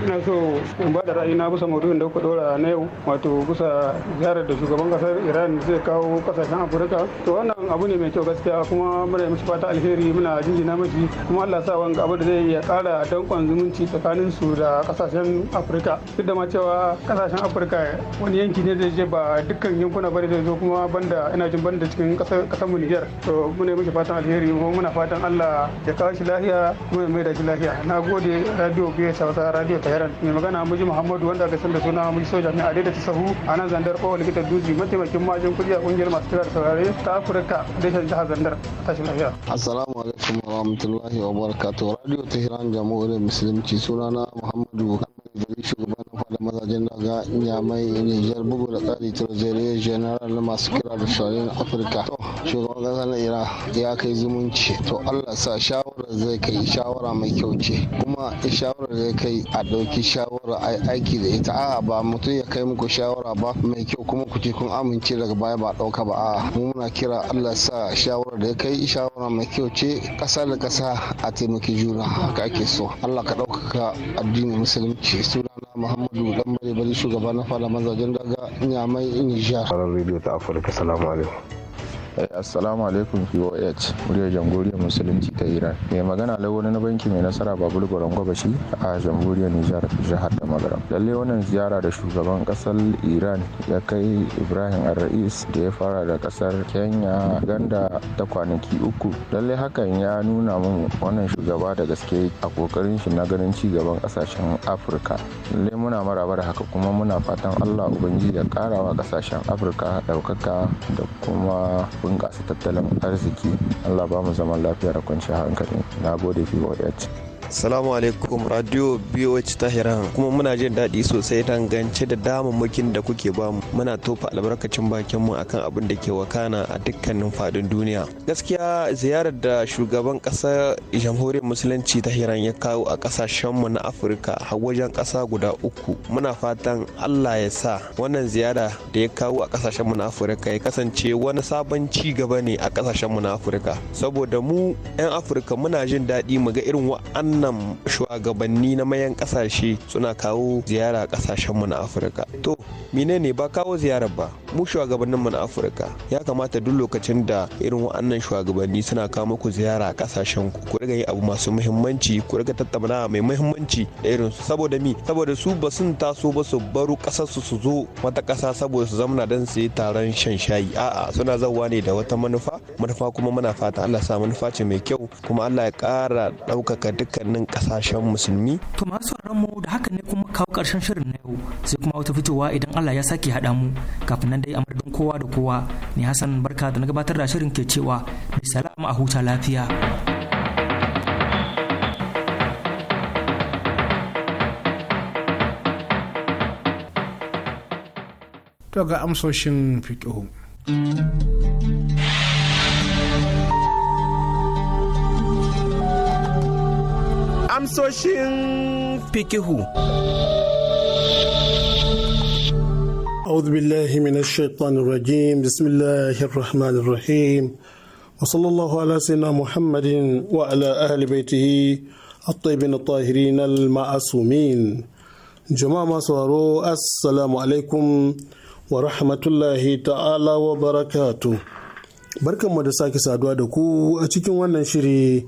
ina so in ba da ra'ayi na bisa maudu'in da kuka dora na yau wato bisa ziyarar da shugaban kasar Iran zai kawo kasashen Afirka to wannan abu ne mai kyau gaskiya kuma muna yi fata alheri muna jinjina mishi kuma Allah sa wanga abu da zai ya kara dankon zumunci tsakanin su da kasashen Afirka duk da ma cewa kasashen Afirka wani yanki ne da ba dukkan yankuna bane zai zo kuma banda ina jin banda cikin kasar shugaban kasar Niger to muna miki fatan alheri kuma muna fatan Allah ya kawo shi lafiya kuma ya maida shi lafiya na gode radio biyu sauta radio tayaran mai magana muji Muhammadu wanda aka san da suna muji soja mai adai da ta sahu a nan zandar kowa likita duzi mataimakin majin kuɗi a kungiyar masu kira da saurare ta afirka reshen jihar zandar tashi lafiya assalamu alaikum wa rahmatullahi wa barakatuh radio tehran jamhuriyar musulunci sunana Muhammadu bari shugaban fada mazajen daga nyamai nijar bugu da tsari trezoriya general na masu kira da shawarin afirka shugaban kasa na iran ya kai zumunci to allah sa shawarar zai kai shawara mai kyau ce kuma shawarar zai kai a ɗauki shawara a aiki da ita a'a ba mutum ya kai muku shawara ba mai kyau kuma ku ce kun amince daga baya ba ɗauka ba a'a mu muna kira allah sa shawarar da ya kai shawara mai kyau ce ƙasa da ƙasa a taimaki juna haka ake so allah ka ɗaukaka addinin musulunci sunana muhammadu dan bari shugaba na fara mazajen daga nyamai nijar. Karar rediyo ta Afirka salamu alaikum. assalamu alaikum voh muryar jamhuriyar musulunci ta iran mai magana lawani na banki mai nasara babul goron gwabashi a jamhuriyar nijar jihar da magaram lalle wannan ziyara da shugaban kasar iran ya kai ibrahim arra'is da ya fara da kasar kenya ganda ta kwanaki uku lalle hakan ya nuna mun wannan shugaba da gaske a kokarin shi na ganin ci gaban kasashen afirka lalle muna maraba da haka kuma muna fatan allah ubangiji ya karawa kasashen afirka daukaka da kuma bunƙasa tattalin arziki allah ba mu zaman lafiya da kwanciyar hankali na gode voh Salamu alaikum radio BOH hiran kuma muna jin daɗi sosai dangance da damammakin da kuke bamu muna tofa albarkacin bakinmu mu akan abin da ke wakana a dukkanin fadin duniya. Gaskiya ziyarar da shugaban ƙasar jamhuriyar musulunci ta hiran ya kawo a ƙasashen mu na Afirka a wajen ƙasa guda uku muna fatan Allah ya sa wannan ziyara da ya kawo a ƙasashen mu na Afirka ya kasance wani sabon ci gaba ne a ƙasashen mu na Afirka saboda mu 'yan Afirka muna jin daɗi mu ga irin wa'an wannan shugabanni na mayan kasashe suna kawo ziyara kasashenmu na afirka to menene ba kawo ziyarar ba mu shugabanninmu na afirka ya kamata duk lokacin da irin wannan shugabanni suna kawo muku ziyara kasashen ku ku riga yi abu masu muhimmanci ku riga tattaunawa mai muhimmanci da irin su saboda mi saboda su ba sun taso ba su baro kasar su su zo wata kasa saboda su zamana dan su yi taron shan shayi a'a suna zawa ne da wata manufa manufa kuma muna fata Allah sa manufa ce mai kyau kuma Allah ya kara ɗaukaka dukkan waɗannan ƙasashen musulmi. To masu mu da haka ne kuma kawo ƙarshen shirin na yau sai kuma wata fitowa idan Allah ya sake haɗa mu kafin nan dai a madadin kowa da kowa ni Hassan barka da na gabatar da shirin ke cewa mai salama a huta lafiya. To ga amsoshin fiƙihu. amsoshin fikihu. Auzubillahi mina shaitanin rajim, bismillahi rahmanin ala sina Muhammadin wa ala ahalibaitihi a taibin da tahiri na ma'asumin. Juma masu haro, Assalamu wa rahmatullahi ta'ala wa barakatu. Barkanmu da sake saduwa da ku a cikin wannan shiri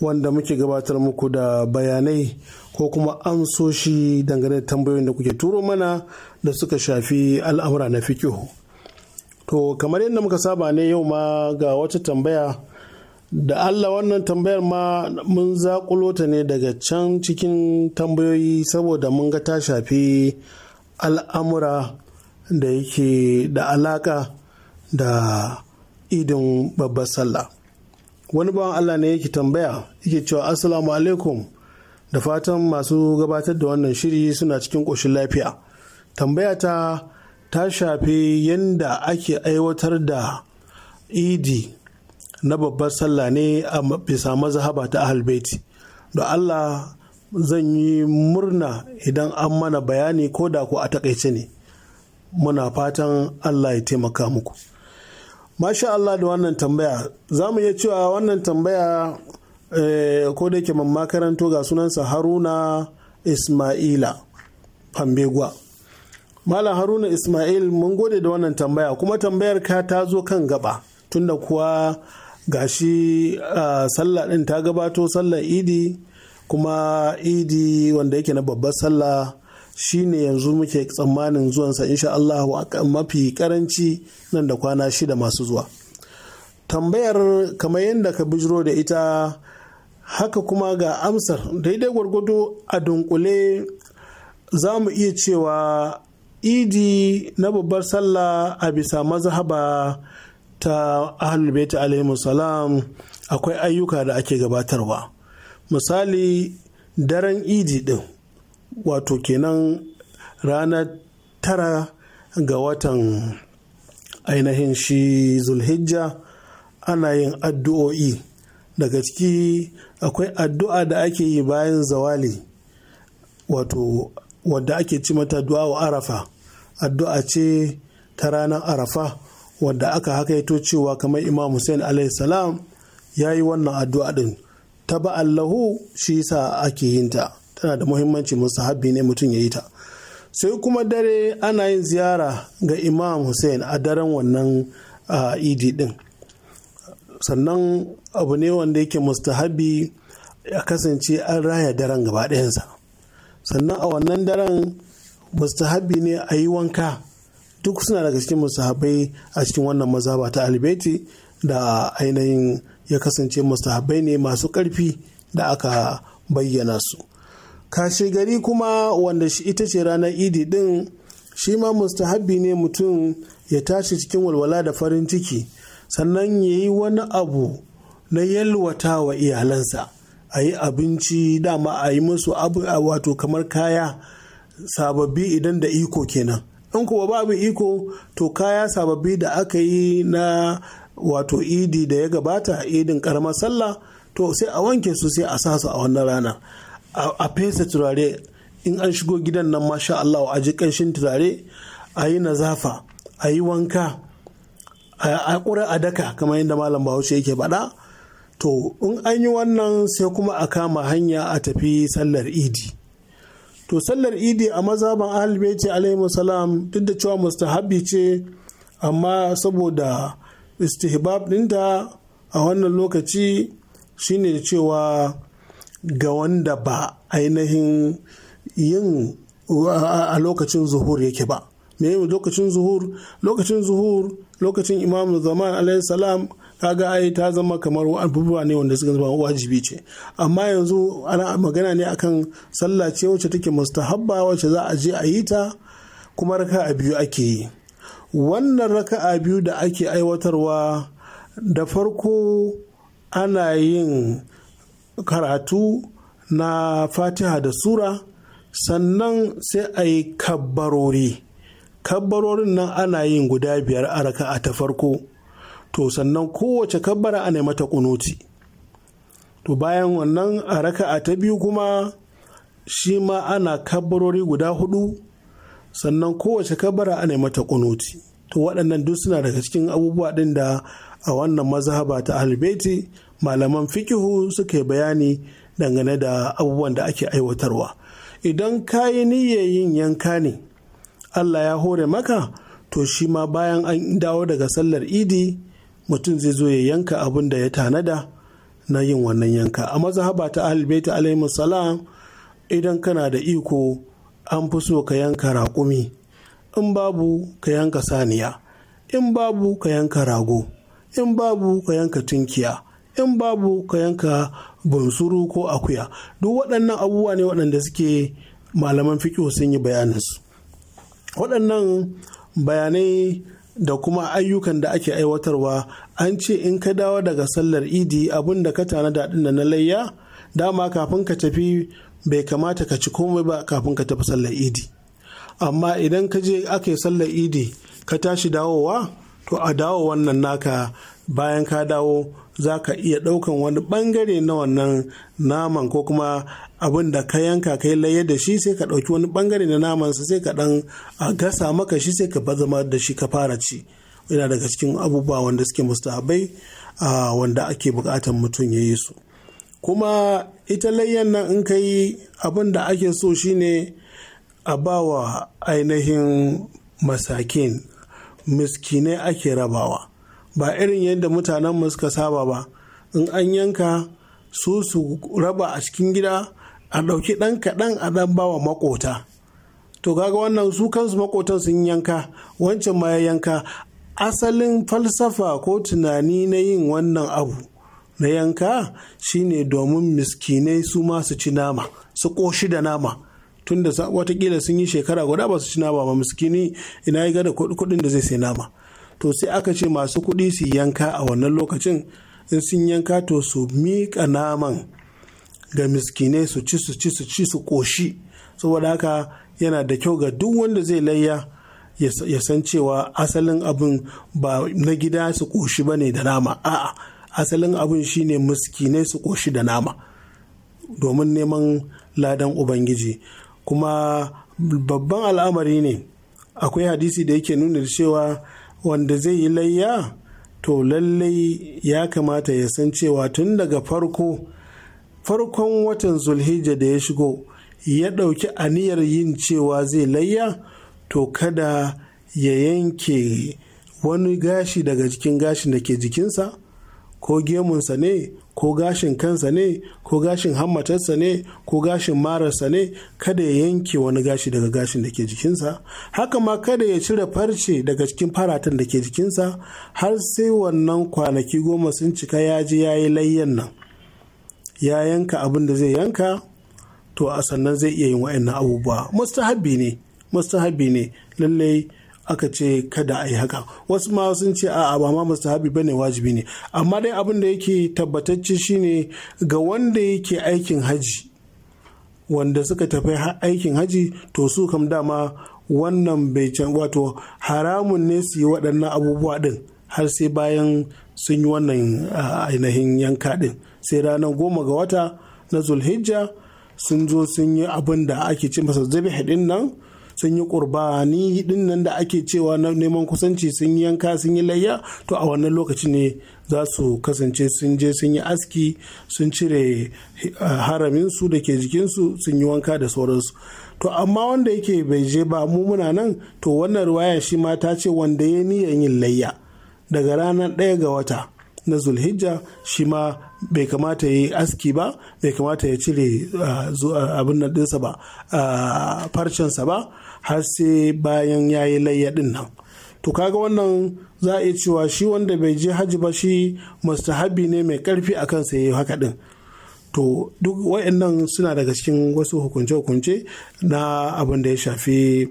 wanda muke gabatar muku da bayanai ko kuma amsoshi dangane da tambayoyin da kuke turo mana da suka shafi al'amura na fikihu. To kamar yadda muka saba ne yau ma ga wata tambaya da Allah wannan tambayar ma mun zaƙulo ta ne daga can cikin tambayoyi saboda mun ga ta shafi al'amura da yake da alaka da idin babbar sallah. wani bawan Allah ne yake tambaya yake cewa assalamu alaikum da fatan masu gabatar da wannan shiri suna cikin ƙoshin lafiya tambaya ta ta shafi yadda ake aiwatar da idi na babbar sallah ne a bisa mazhaba ta ahalbaiti da Allah zan yi murna idan an mana bayani ko da ku a takaice ne muna fatan Allah ya taimaka muku Masha Allah da wannan tambaya, za mu iya cewa wannan tambaya eh, ko da yake mamma karanto ga sunansa Haruna Ismaila Fambegwa. Malam Haruna Ismail mun gode da wannan tambaya kuma tambayar ka ta zo kan gaba tunda kuwa gashi shi ah, sallah ɗin ta gabato sallar idi kuma idi wanda yake na babbar sallah shine yanzu muke tsammanin zuwansa insha Allah mafi karanci nan da kwana shida masu zuwa tambayar kamar yadda ka bijiro da ita haka kuma ga amsar daidai gwargwado a dunkule za mu iya cewa idi na babbar sallah a bisa mazhaba ta ahlulbaita alaihi salam akwai ayyuka da ake gabatarwa misali daren idi din wato kenan ranar tara ga watan ainihin shi zulhijja ana yin addu'o'i daga ciki akwai addu'a da ake yi bayan zawali wato wadda ake ci mata du'a wa arafa addu'a ce ta ranar arafa wadda aka hakaito cewa kamar imam hussein salam ya yi wannan addu'a din ta ba'allahu shi sa ake yin ta tana da muhimmanci musahabi ne mutum ya yi ta sai kuma dare ana yin ziyara ga imam hussein a daren wannan idi din sannan abu ne wanda yake mustahabi ya kasance an raya daren gaba ɗayansa sannan a wannan daren mustahabi ne a yi wanka duk suna daga cikin mustahabai a cikin wannan mazaba ta albeti da ainihin ya kasance mustahabai ne masu ƙarfi da aka bayyana su kashe gari kuma wanda ita ce ranar idi din shi ma mustahabbi ne mutum ya tashi cikin walwala da farin ciki sannan ya yi wani abu na yalwata wa iyalansa a yi abinci dama a yi musu abu a wato kamar kaya sababbi idan da iko kenan in kuwa babu iko to kaya sababbi da aka yi na wato idi da ya gabata idin karamar sallah to sai a wanke su sai a sasu a wannan rana a fesa turare in an shigo gidan nan masha Allah a ji ƙanshin turare a yi na zafa a yi wanka a ƙura a daka kamar yadda malam bahaushe yake faɗa to in an yi wannan sai kuma a kama hanya a tafi sallar idi to sallar idi a mazaban ce alaihi salam duk da cewa mustahabi ce amma saboda istihbab ɗinta a wannan lokaci shine cewa ga wanda ba ainihin yin a lokacin zuhur yake ba me lokacin zuhur lokacin zuhur lokacin imamu zaman alayhi salam kaga ai ta zama kamar abubuwa ne wanda suka zama wajibi ce amma yanzu ana magana ne akan sallah ce wacce take mustahabba wacce za a je a yi ta kuma raka'a biyu ake yi wannan raka'a biyu da ake aiwatarwa da farko ana yin karatu na fatiha da sura sannan sai a yi kabbarori kabbarorin nan ana yin guda biyar a raka'a ta farko to sannan kowace kabbara ana mata kunuti to bayan wannan a raka'a ta biyu kuma shi ma ana kabarori guda hudu sannan kowace kabara ana mata kunuti to waɗannan duk suna daga cikin abubuwa ɗin da a wannan mazhaba ta albeti malaman fikihu suka yi bayani dangane da abubuwan da ake aiwatarwa idan ka yi niyyar yin yanka ne allah ya hore maka to shi ma bayan an dawo daga sallar idi mutum zai zo ya yanka abin da ya tanada na yin wannan yanka a mazhaba ta ahlbaita alaihi salam idan kana da iko an fi so ka yanka raƙumi in babu ka yanka saniya in babu ka yanka rago in babu ka yanka tunkiya in babu ka yanka bunsuru ko akuya duk waɗannan abubuwa ne waɗanda suke malaman fiƙo sun yi bayaninsu waɗannan bayanai da kuma ayyukan da ake aiwatarwa an ce in ka dawo daga sallar idi abin da ka tanada da na layya dama kafin ka tafi bai kamata ka ci komai ba kafin ka tafi sallar idi amma idan ka je aka sallar idi ka tashi dawowa to a dawo wannan naka bayan ka dawo za ka iya ɗaukan wani ɓangare na wannan naman ko kuma abin da ka yanka ka yi da shi sai ka ɗauki wani ɓangare na namansa sai ka ɗan gasa maka shi sai ka zama da shi ka fara ci yana daga cikin abubuwa wanda suke mustahabai wanda ake bukatan mutum ya yi su kuma ita layyan nan in ka yi abin da ake so shine a bawa ainihin masakin miskinai ake rabawa ba irin yadda mutanen mu suka saba ba in an yanka su su raba a cikin gida a ɗauki ɗan kaɗan a ɗan bawa makota to kaga wannan su kansu makotan sun yanka wancan ma ya yanka asalin falsafa ko tunani na yin wannan abu na yanka shine domin miskinai su ma su ci nama su ƙoshi da nama tunda watakila sun yi shekara guda ba su ci nama ba miskini ina ya gada da kuɗin da zai sai nama to sai aka ce masu kuɗi su yanka a wannan lokacin in sun yanka to su miƙa naman ga miskinai su ci su ci su ci su ƙoshi saboda haka yana da kyau ga duk wanda zai layya ya san cewa asalin abin ba na gida su ƙoshi ba ne da nama a'a asalin abin shine miskinai su ƙoshi da nama domin neman ladan ubangiji kuma babban al'amari ne akwai hadisi da yake nuna cewa wanda zai yi layya to lallai ya kamata ya san cewa tun daga farko farkon watan zulhijja da ya shigo ya ɗauki aniyar yin cewa zai layya to kada ya yanke wani gashi daga jikin gashin da ke jikinsa ko gemunsa ne ko gashin kansa ne ko gashin hammatarsa ne ko gashin mararsa ne kada ya yanke wani gashi daga gashin da ke jikinsa haka ma kada ya cire farce daga cikin faratan da ke jikinsa har sai wannan kwanaki goma sun cika ya ji ya yi layyan nan ya yanka abin da zai yanka to a sannan zai iya yin wa'annan abubuwa mustahabbi ne mustahabbi ne lallai aka ce kada a yi haka wasu ma sun ce a'a ba ma habi bane wajibi ne amma dai abin da yake tabbatacce shine ga wanda yake aikin haji wanda suka tafi aikin haji to su kam dama wannan bai can wato haramun ne su yi waɗannan abubuwa ɗin har sai bayan sun yi wannan ainihin yanka ɗin sai ranar goma ga wata na zulhijja sun zo sun yi abin da ake ce masa zabi nan sun yi ƙurbani din nan da ake cewa na neman kusanci sun yi yanka sun yi layya to a wannan lokaci ne za su kasance sun je sun yi aski sun cire eh, haraminsu da ke jikinsu sun yi wanka da sauransu to amma wanda yake bai je ba mu muna nan to wannan ruwaya shi ma ta ce wanda ya niyan yin layya daga ranar ɗaya ga wata na zulhijja shi ma bai kamata ya yi aski ba bai kamata ya cire ah, abin nan ɗinsa ba ah, farcensa ba har sai bayan ya yi layya nan to kaga wannan za a iya cewa shi wanda bai je hajji ba shi mustahabi ne mai karfi a kansa ya yi haka din to duk wayannan suna daga cikin wasu hukunce-hukunce na abin da ya shafi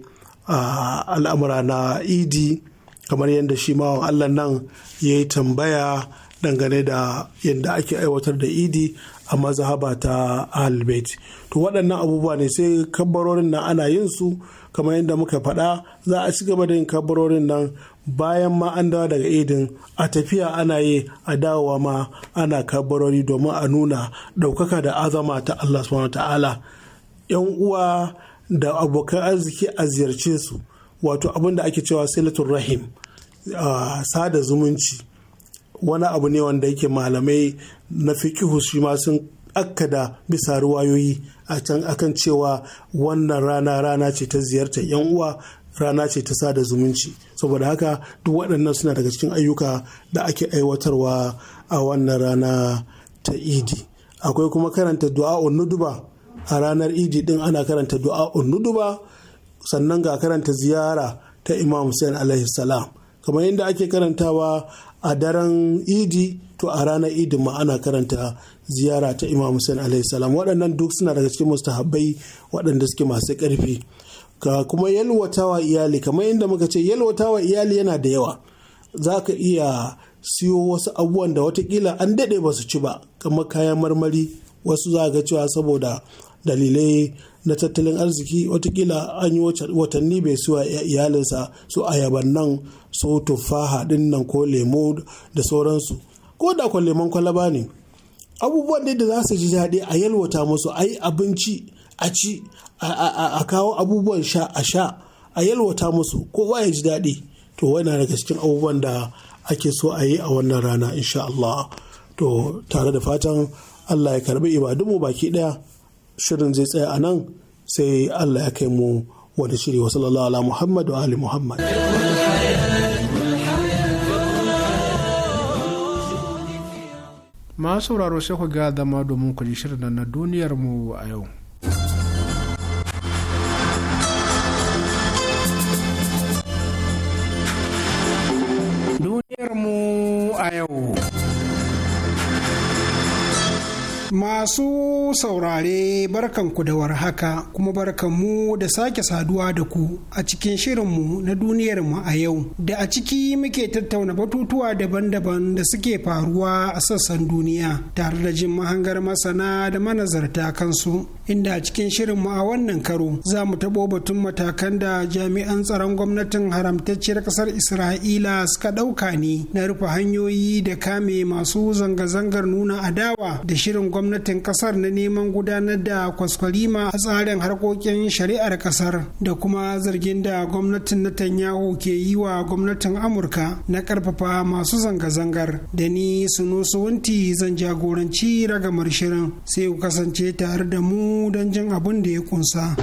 al'amura na idi kamar yadda shi ma allah nan ya yi tambaya dangane da yadda ake aiwatar da idi a mazhaba ta albert to waɗannan abubuwa ne sai kabarorin nan ana yin su kamar yadda muka faɗa za a ci gaba da yin kabarorin nan bayan ma an dawo daga idin a tafiya ana yi a dawowa ma ana kabarori domin a nuna ɗaukaka da azama ta Allah subhanahu ta'ala yan uwa da abokan arziki a ziyarce su wato abin da ake cewa silatul rahim ah, sada zumunci wani abu ne wanda yake malamai na fikihu shi ma sun akkada bisa ruwayoyi a can akan cewa wannan rana rana ce ta ziyartar yan uwa rana ce ta sada zumunci saboda haka duk waɗannan suna daga cikin ayyuka da ake aiwatarwa a wannan rana ta idi akwai kuma karanta du'a'un nuduba a ranar idi din ana karanta du'a'un nuduba sannan ga karanta ziyara ta imam hussein alaihi salam kamar yadda ake karantawa a daren idi to a ranar idi ma ana karanta ziyara ta imam hussein alaihi salam waɗannan duk suna daga cikin mustahabbai waɗanda suke masu ƙarfi ka kuma yalwatawa iyali kamar inda muka ce yalwatawa iyali yana da yawa za ka iya siyo wasu abubuwan da watakila an daɗe ba su ci ba kamar kayan marmari wasu za ga cewa saboda dalilai na tattalin arziki watakila an yi watanni bai suwa iyalinsa su ayaban nan su tufaha din nan ko lemo da sauransu ko da kwa lemon kwalaba ne abubuwan da za su ji daɗi a yalwata musu a yi abinci a ci a kawo abubuwan sha a sha a yalwata musu kowa ya ji daɗi to wannan daga cikin abubuwan da ake so a yi a wannan rana insha Allah to tare da fatan Allah ya karbi ibadunmu baki ɗaya shirin zai tsaya a nan sai Allah ya kai mu wani shiri wa sallallahu ala Muhammad wa ali Muhammad. Ma sauraro sai ku ga zama domin ku ji shirin na duniyar mu a yau. Duniyar mu a yau. Masu saurare barkanku da warhaka kuma barkanmu da sake saduwa da ku a cikin shirinmu na duniyarmu a yau da a ciki muke tattauna batutuwa daban-daban da suke faruwa a sassan duniya tare da jin mahangar masana da manazarta kansu inda a cikin shirinmu a wannan karo za mu taɓo batun matakan da jami'an tsaron gwamnatin haramtacciyar ƙasar Isra'ila suka ɗauka ne na rufe hanyoyi da kame masu zanga-zangar nuna adawa da shirin gwamnatin kasar na neman gudanar da kwaskwalima a tsarin harkokin shari'ar kasar da kuma zargin da gwamnatin Netanyahu ke yi wa gwamnatin Amurka na karfafa masu zanga-zangar da ni su wunti zan jagoranci ragamar shirin sai ku kasance tare da mu don jin abin da ya kunsa.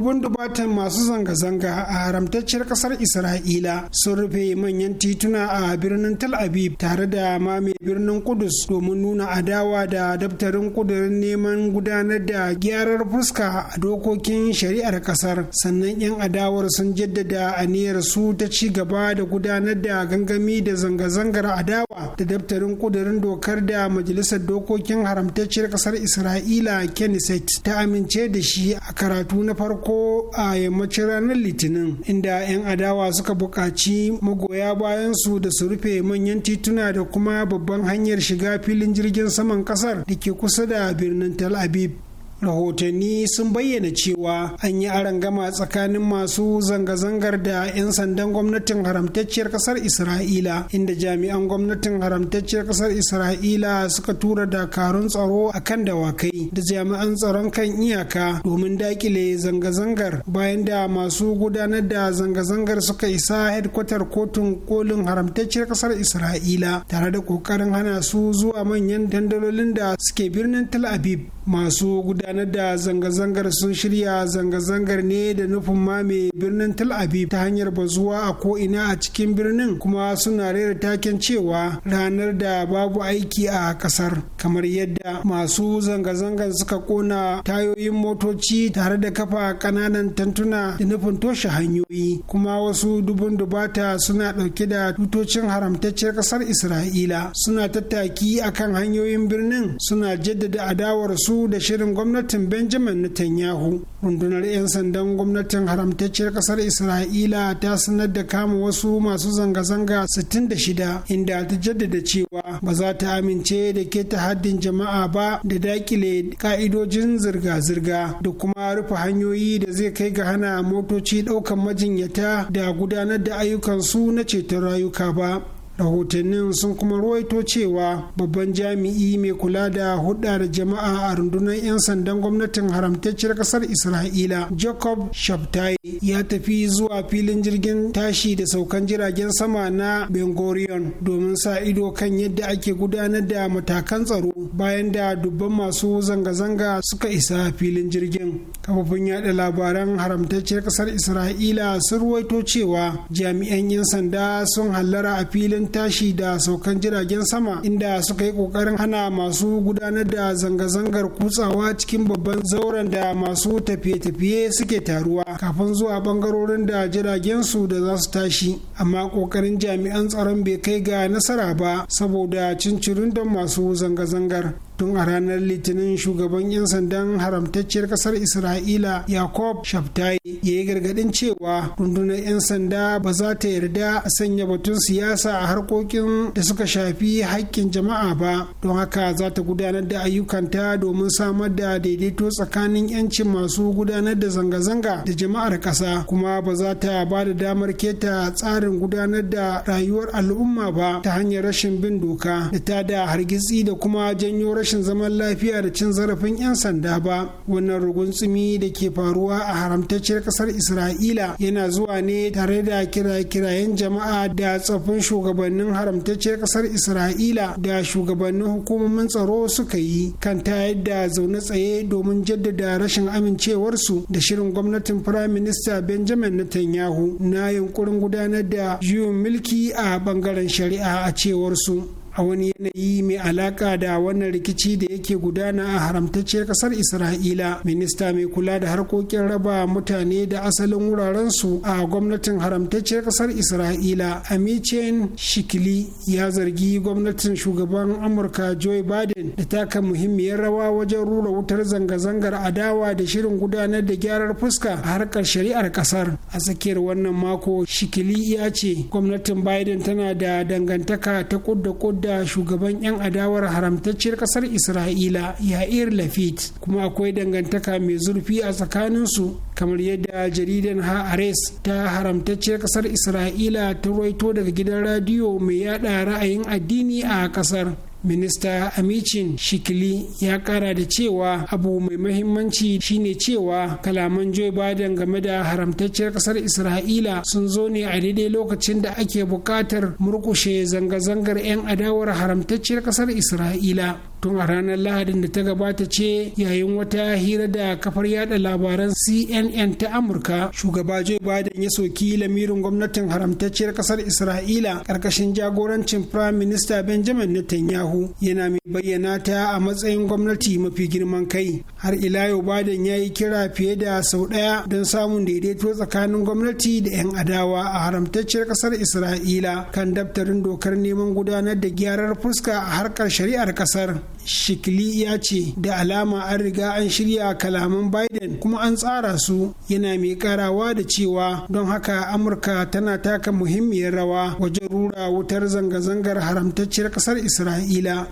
dubun dubatan masu zanga-zanga a haramtacciyar kasar isra'ila sun rufe manyan tituna a birnin tel aviv tare da mame birnin kudus domin nuna adawa da daftarin kudurin neman gudanar da gyarar fuska a dokokin shari'ar kasar sannan 'yan adawar sun jaddada aniyar su ta ci gaba da gudanar da gangami da zanga-zangar adawa da daftarin kudurin dokar da majalisar dokokin haramtacciyar kasar isra'ila kenneth ta amince da shi a karatu na farko farko a yammacin ranar litinin inda 'yan adawa suka buƙaci magoya bayan su da su rufe manyan tituna da kuma babban hanyar shiga filin jirgin saman ƙasar da ke kusa da birnin tel aviv rahotanni sun bayyana cewa an yi arangama tsakanin masu zanga-zangar da 'yan sandan gwamnatin haramtacciyar kasar isra'ila inda jami'an gwamnatin haramtacciyar kasar isra'ila suka tura dakarun tsaro a kan dawakai da jami'an tsaron kan iyaka domin dakile zanga-zangar bayan da masu gudanar da zanga-zangar suka isa hedkwatar kotun kolin haramtacciyar kasar isra'ila tare da kokarin hana su zuwa manyan dandalolin da suke birnin tel aviv masu gudanar da zanga-zangar sun shirya zanga-zangar ne da nufin mame birnin tel aviv ta hanyar bazuwa a ko'ina a cikin birnin kuma suna rera taken cewa ranar da babu aiki a kasar kamar yadda masu zanga-zangar suka kona tayoyin motoci tare da kafa kananan tantuna da nufin toshe hanyoyi kuma wasu dubun dubata suna ɗauke da tutocin haramtaccen ƙasar isra'ila suna tattaki akan hanyoyin birnin suna jaddada adawar su da shirin gwamnatin benjamin netanyahu rundunar 'yan sandan gwamnatin haramtacciyar kasar isra'ila ta sanar da kama wasu masu zanga-zanga 66 inda ta jaddada cewa ba za ta amince da keta ta haddin jama'a ba da dakile ka'idojin zirga-zirga da kuma rufe hanyoyi da zai kai ga hana motoci ɗaukan majinyata da gudanar da ayyukansu na ceton rayuka ba rahotannin sun kuma ruwaito cewa babban jami'i mai kula da hudda da jama'a a rundunar 'yan sandan gwamnatin haramtacciyar kasar isra'ila jacob shabtai ya tafi zuwa filin jirgin tashi da saukan jiragen sama na bengorion domin sa ido kan yadda ake gudanar da matakan tsaro bayan da dubban masu zanga-zanga suka isa filin jirgin kafafun yada labaran haramtacciyar kasar isra'ila sun ruwaito cewa jami'an 'yan sanda sun hallara a filin tashi da saukan jiragen sama inda suka yi kokarin hana masu gudanar da zanga-zangar kutsawa cikin babban zauren da masu tafiye-tafiye suke taruwa kafin zuwa bangarorin da jiragen su da za su tashi amma kokarin jami'an tsaron bai kai ga nasara ba saboda cincirin don masu zanga-zangar tun a ranar litinin shugaban 'yan sandan haramtacciyar kasar isra'ila yakob shabtai ya yi gargadin cewa rundunar 'yan sanda ba za ta yarda a sanya batun siyasa a harkokin da suka shafi haƙƙin jama'a ba don haka za ta gudanar da ayyukanta domin samar da daidaito tsakanin 'yancin masu gudanar da zanga-zanga da jama'ar ƙasa kuma ba za ta ba da damar keta tsarin gudanar da rayuwar al'umma ba ta hanyar rashin bin doka da ta da hargitsi da kuma janyo rashin zaman lafiya da cin zarafin 'yan sanda ba wannan rugun tsimi da ke faruwa a haramtacciyar ƙasar isra'ila yana zuwa ne tare da kira kirayen jama'a da tsoffin shugaban shugabannin haramtacciyar kasar isra'ila da shugabannin hukumomin tsaro suka yi kan ta yadda zaune tsaye domin jaddada rashin amincewarsu da shirin gwamnatin firayim minista benjamin netanyahu na yunkurin gudanar da juyin mulki a bangaren shari'a a cewarsu a wani yanayi mai alaka da wannan rikici da yake gudana a haramtacciyar kasar isra'ila minista mai kula da harkokin raba mutane da asalin wurarensu a gwamnatin haramtacciyar kasar isra'ila amichen shikili ya zargi gwamnatin shugaban amurka joe biden da taka muhimmiyar rawa wajen rura wutar zanga-zangar adawa da shirin gudanar da gyarar fuska a harkar shari'ar kasar a tsakiyar wannan mako shikili ya ce gwamnatin biden tana da dangantaka ta kud da kud da shugaban 'yan adawar haramtacciyar kasar isra'ila yair lafit kuma akwai dangantaka mai zurfi a tsakaninsu kamar yadda jaridan haares ta haramtacciyar kasar isra'ila ta roito daga gidan radiyo mai yada ra'ayin addini a kasar minista amicin shikili ya kara da cewa abu mai mahimmanci shine cewa kalaman joe biden game da haramtacciyar kasar isra'ila sun zo ne a daidai lokacin da ake bukatar murkushe zanga-zangar 'yan adawar haramtacciyar kasar isra'ila tun a ranar lahadin da ta gabata ce yayin wata hira da kafar yada labaran cnn ta amurka shugaba joe biden ya soki lamirin gwamnatin haramtacciyar kasar isra'ila karkashin jagorancin prime minister benjamin netanyahu yana mai bayyana ta a matsayin gwamnati mafi girman kai har ila yau biden ya yi kira fiye da sau ɗaya don samun daidaito tsakanin gwamnati da 'yan adawa a haramtacciyar kasar isra'ila kan daftarin dokar neman gudanar da gyarar fuska a harkar shari'ar kasar Shikili ya ce da alama an riga an shirya kalaman biden kuma an tsara su yana mai karawa da cewa don haka amurka tana taka muhimmiyar rawa wajen rura wutar zanga-zangar haramtacciyar kasar isra'ila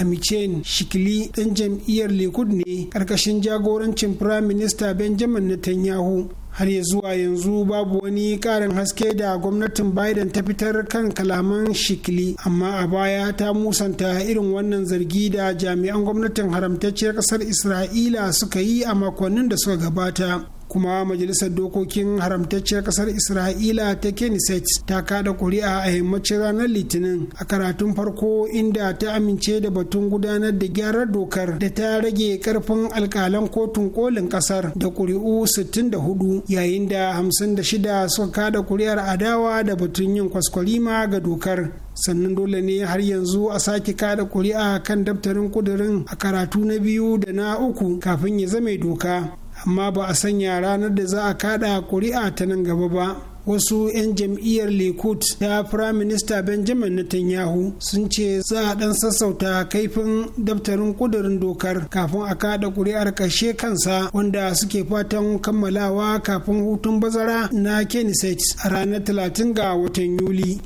Amichen Shikili ɗan jam'iyyar Likud ne ƙarƙashin jagorancin Firaminista Benjamin Netanyahu har ya zuwa yanzu babu wani karin haske da gwamnatin biden ta fitar kan kalaman shikili amma a baya ta musanta irin wannan zargi da jami'an gwamnatin haramtacciyar kasar isra'ila suka yi a makonnin da suka gabata kuma majalisar dokokin haramtacciyar kasar isra'ila ta kenneth ta kada kuri'a a yammacin ranar litinin a karatun farko inda ta amince da batun gudanar da gyarar dokar da ta rage karfin alkalan kotun kolin kasar da kuri'u 64 yayin da 56 suka kada kuri'ar adawa da batun yin kwaskwalima ga dokar sannan dole ne har yanzu a sake kada kuri'a kan daftarin kudurin a karatu na biyu da na uku kafin ya zame doka amma ba a sanya ranar da za a kada kuri'a ta nan gaba ba. wasu 'yan jam'iyyar likud ta firaminista benjamin netanyahu sun ce za a dan sassauta kaifin daftarin kudurin dokar kafin a kada kuri'ar kashe kansa wanda suke fatan kammalawa kafin hutun bazara na kenisets a ranar 30 ga watan yuli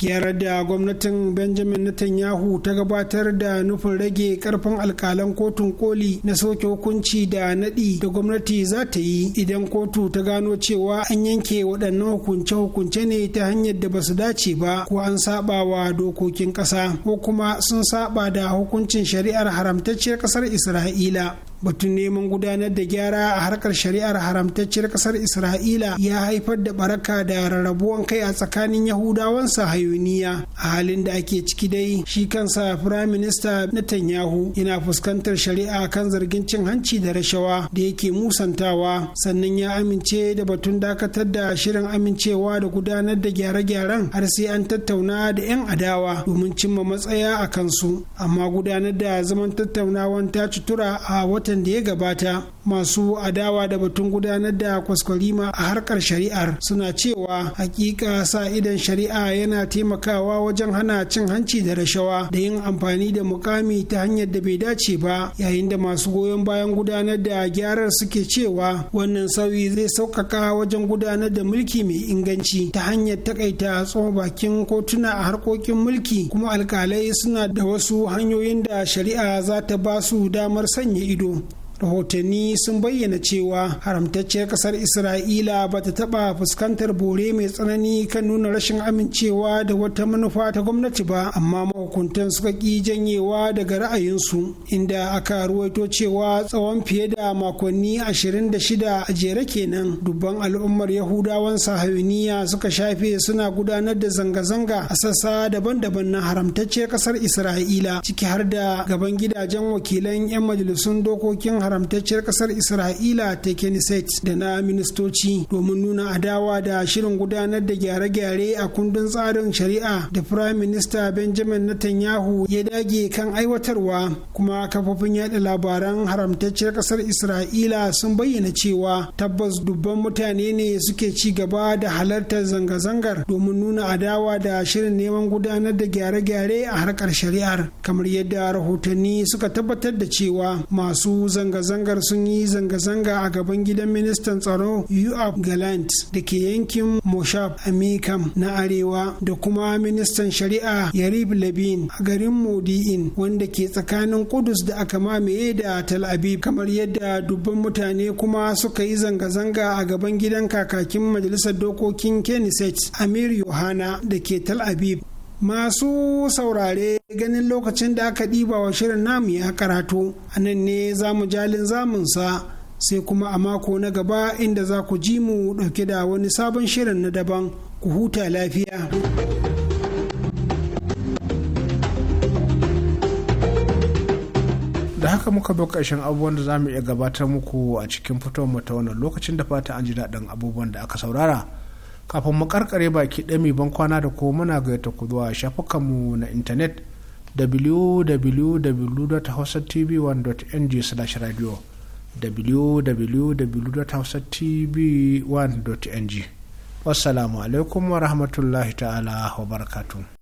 gyarar da gwamnatin benjamin netanyahu ta gabatar da nufin rage karfin alkalan kotun koli na soke hukunci da naɗi da gwamnati za ta yi idan kotu ta gano cewa an yanke waɗannan hukunce-hukunce ne ta hanyar da ba su dace ba ko an saba wa dokokin ƙasa ko kuma sun saba da hukuncin shari'ar haramtacciyar ƙasar isra'ila batun neman gudanar da gyara a harkar shari'ar haramtacciyar kasar isra'ila ya haifar da baraka da rarrabuwan kai a tsakanin yahudawan Hayuniya. a halin da ake ciki dai shi kansa firayim minista netanyahu yana fuskantar shari'a kan zargin cin hanci da rashawa da yake musantawa sannan ya amince da batun dakatar da shirin amincewa da gudanar da gyare-gyaren har sai an tattauna da 'yan adawa domin cimma matsaya a kansu amma gudanar da zaman tattaunawan ta cutura a watan da ya gabata masu adawa da batun gudanar da kwaskwarima a harkar shari'ar suna cewa hakika sa idan shari'a yana taimakawa wajen hana cin hanci da rashawa da yin amfani da mukami ta hanyar da bai dace ba yayin da masu goyon bayan gudanar da gyarar suke cewa wannan sauyi zai sauƙaƙa wajen gudanar da mulki mai inganci ta hanyar takaita tsoma bakin kotuna a harkokin mulki kuma alkalai suna da wasu hanyoyin da shari'a za ta ba su damar sanya ido rahotanni sun bayyana cewa haramtacciyar kasar isra'ila ba ta taɓa fuskantar bore mai tsanani kan nuna rashin amincewa da wata manufa ta gwamnati ba amma mahukuntan suka ƙi janyewa daga ra'ayinsu inda aka ruwaito cewa tsawon fiye da makonni 26 a jere kenan dubban al'ummar yahudawan sahayuniya suka shafe suna gudanar da zanga-zanga a sassa daban-daban na haramtacciyar kasar isra'ila ciki har da gaban gidajen wakilan 'yan majalisun dokokin haramtacciyar kasar isra'ila ta kenneth da na ministoci domin nuna adawa da shirin gudanar da gyare-gyare a kundin tsarin shari'a da firayim minista benjamin netanyahu ya dage kan aiwatarwa kuma kafofin yada labaran haramtacciyar kasar isra'ila sun bayyana cewa tabbas dubban mutane ne suke ci gaba da halartar zanga-zangar domin nuna adawa da shirin neman gudanar da gyare-gyare a harkar shari'ar kamar yadda rahotanni suka tabbatar da cewa masu zanga zanga-zangar sun yi zanga-zanga a gaban gidan ministan tsaro UAP galant da ke yankin moshab amikam na arewa da kuma ministan shari'a yarib labin a garin modi'in wanda ke tsakanin kudus da aka mamaye da tel aviv kamar yadda dubban mutane kuma suka yi zanga-zanga a gaban gidan kakakin majalisar dokokin kenneth amir yohana da ke tel aviv Masu saurare ganin lokacin da aka ɗiba wa shirin namu ya karatu, a nan ne za mu jalin zamunsa sai kuma a mako na gaba inda za ku ji mu ɗauke da wani sabon shirin na daban ku huta lafiya. Da haka muka bi ƙarshen abubuwan da za mu iya gabatar muku a cikin fito mu ta wannan lokacin da fata an ji daɗin abubuwan da aka saurara. kafin mu karkare baki ɗami ban kwana da ko muna gaita ku zuwa shafukanmu na intanet www.hausatv1.ng/radio www.hausatv1.ng wassalamu alaikum wa rahmatullahi ta'ala wa barakatuh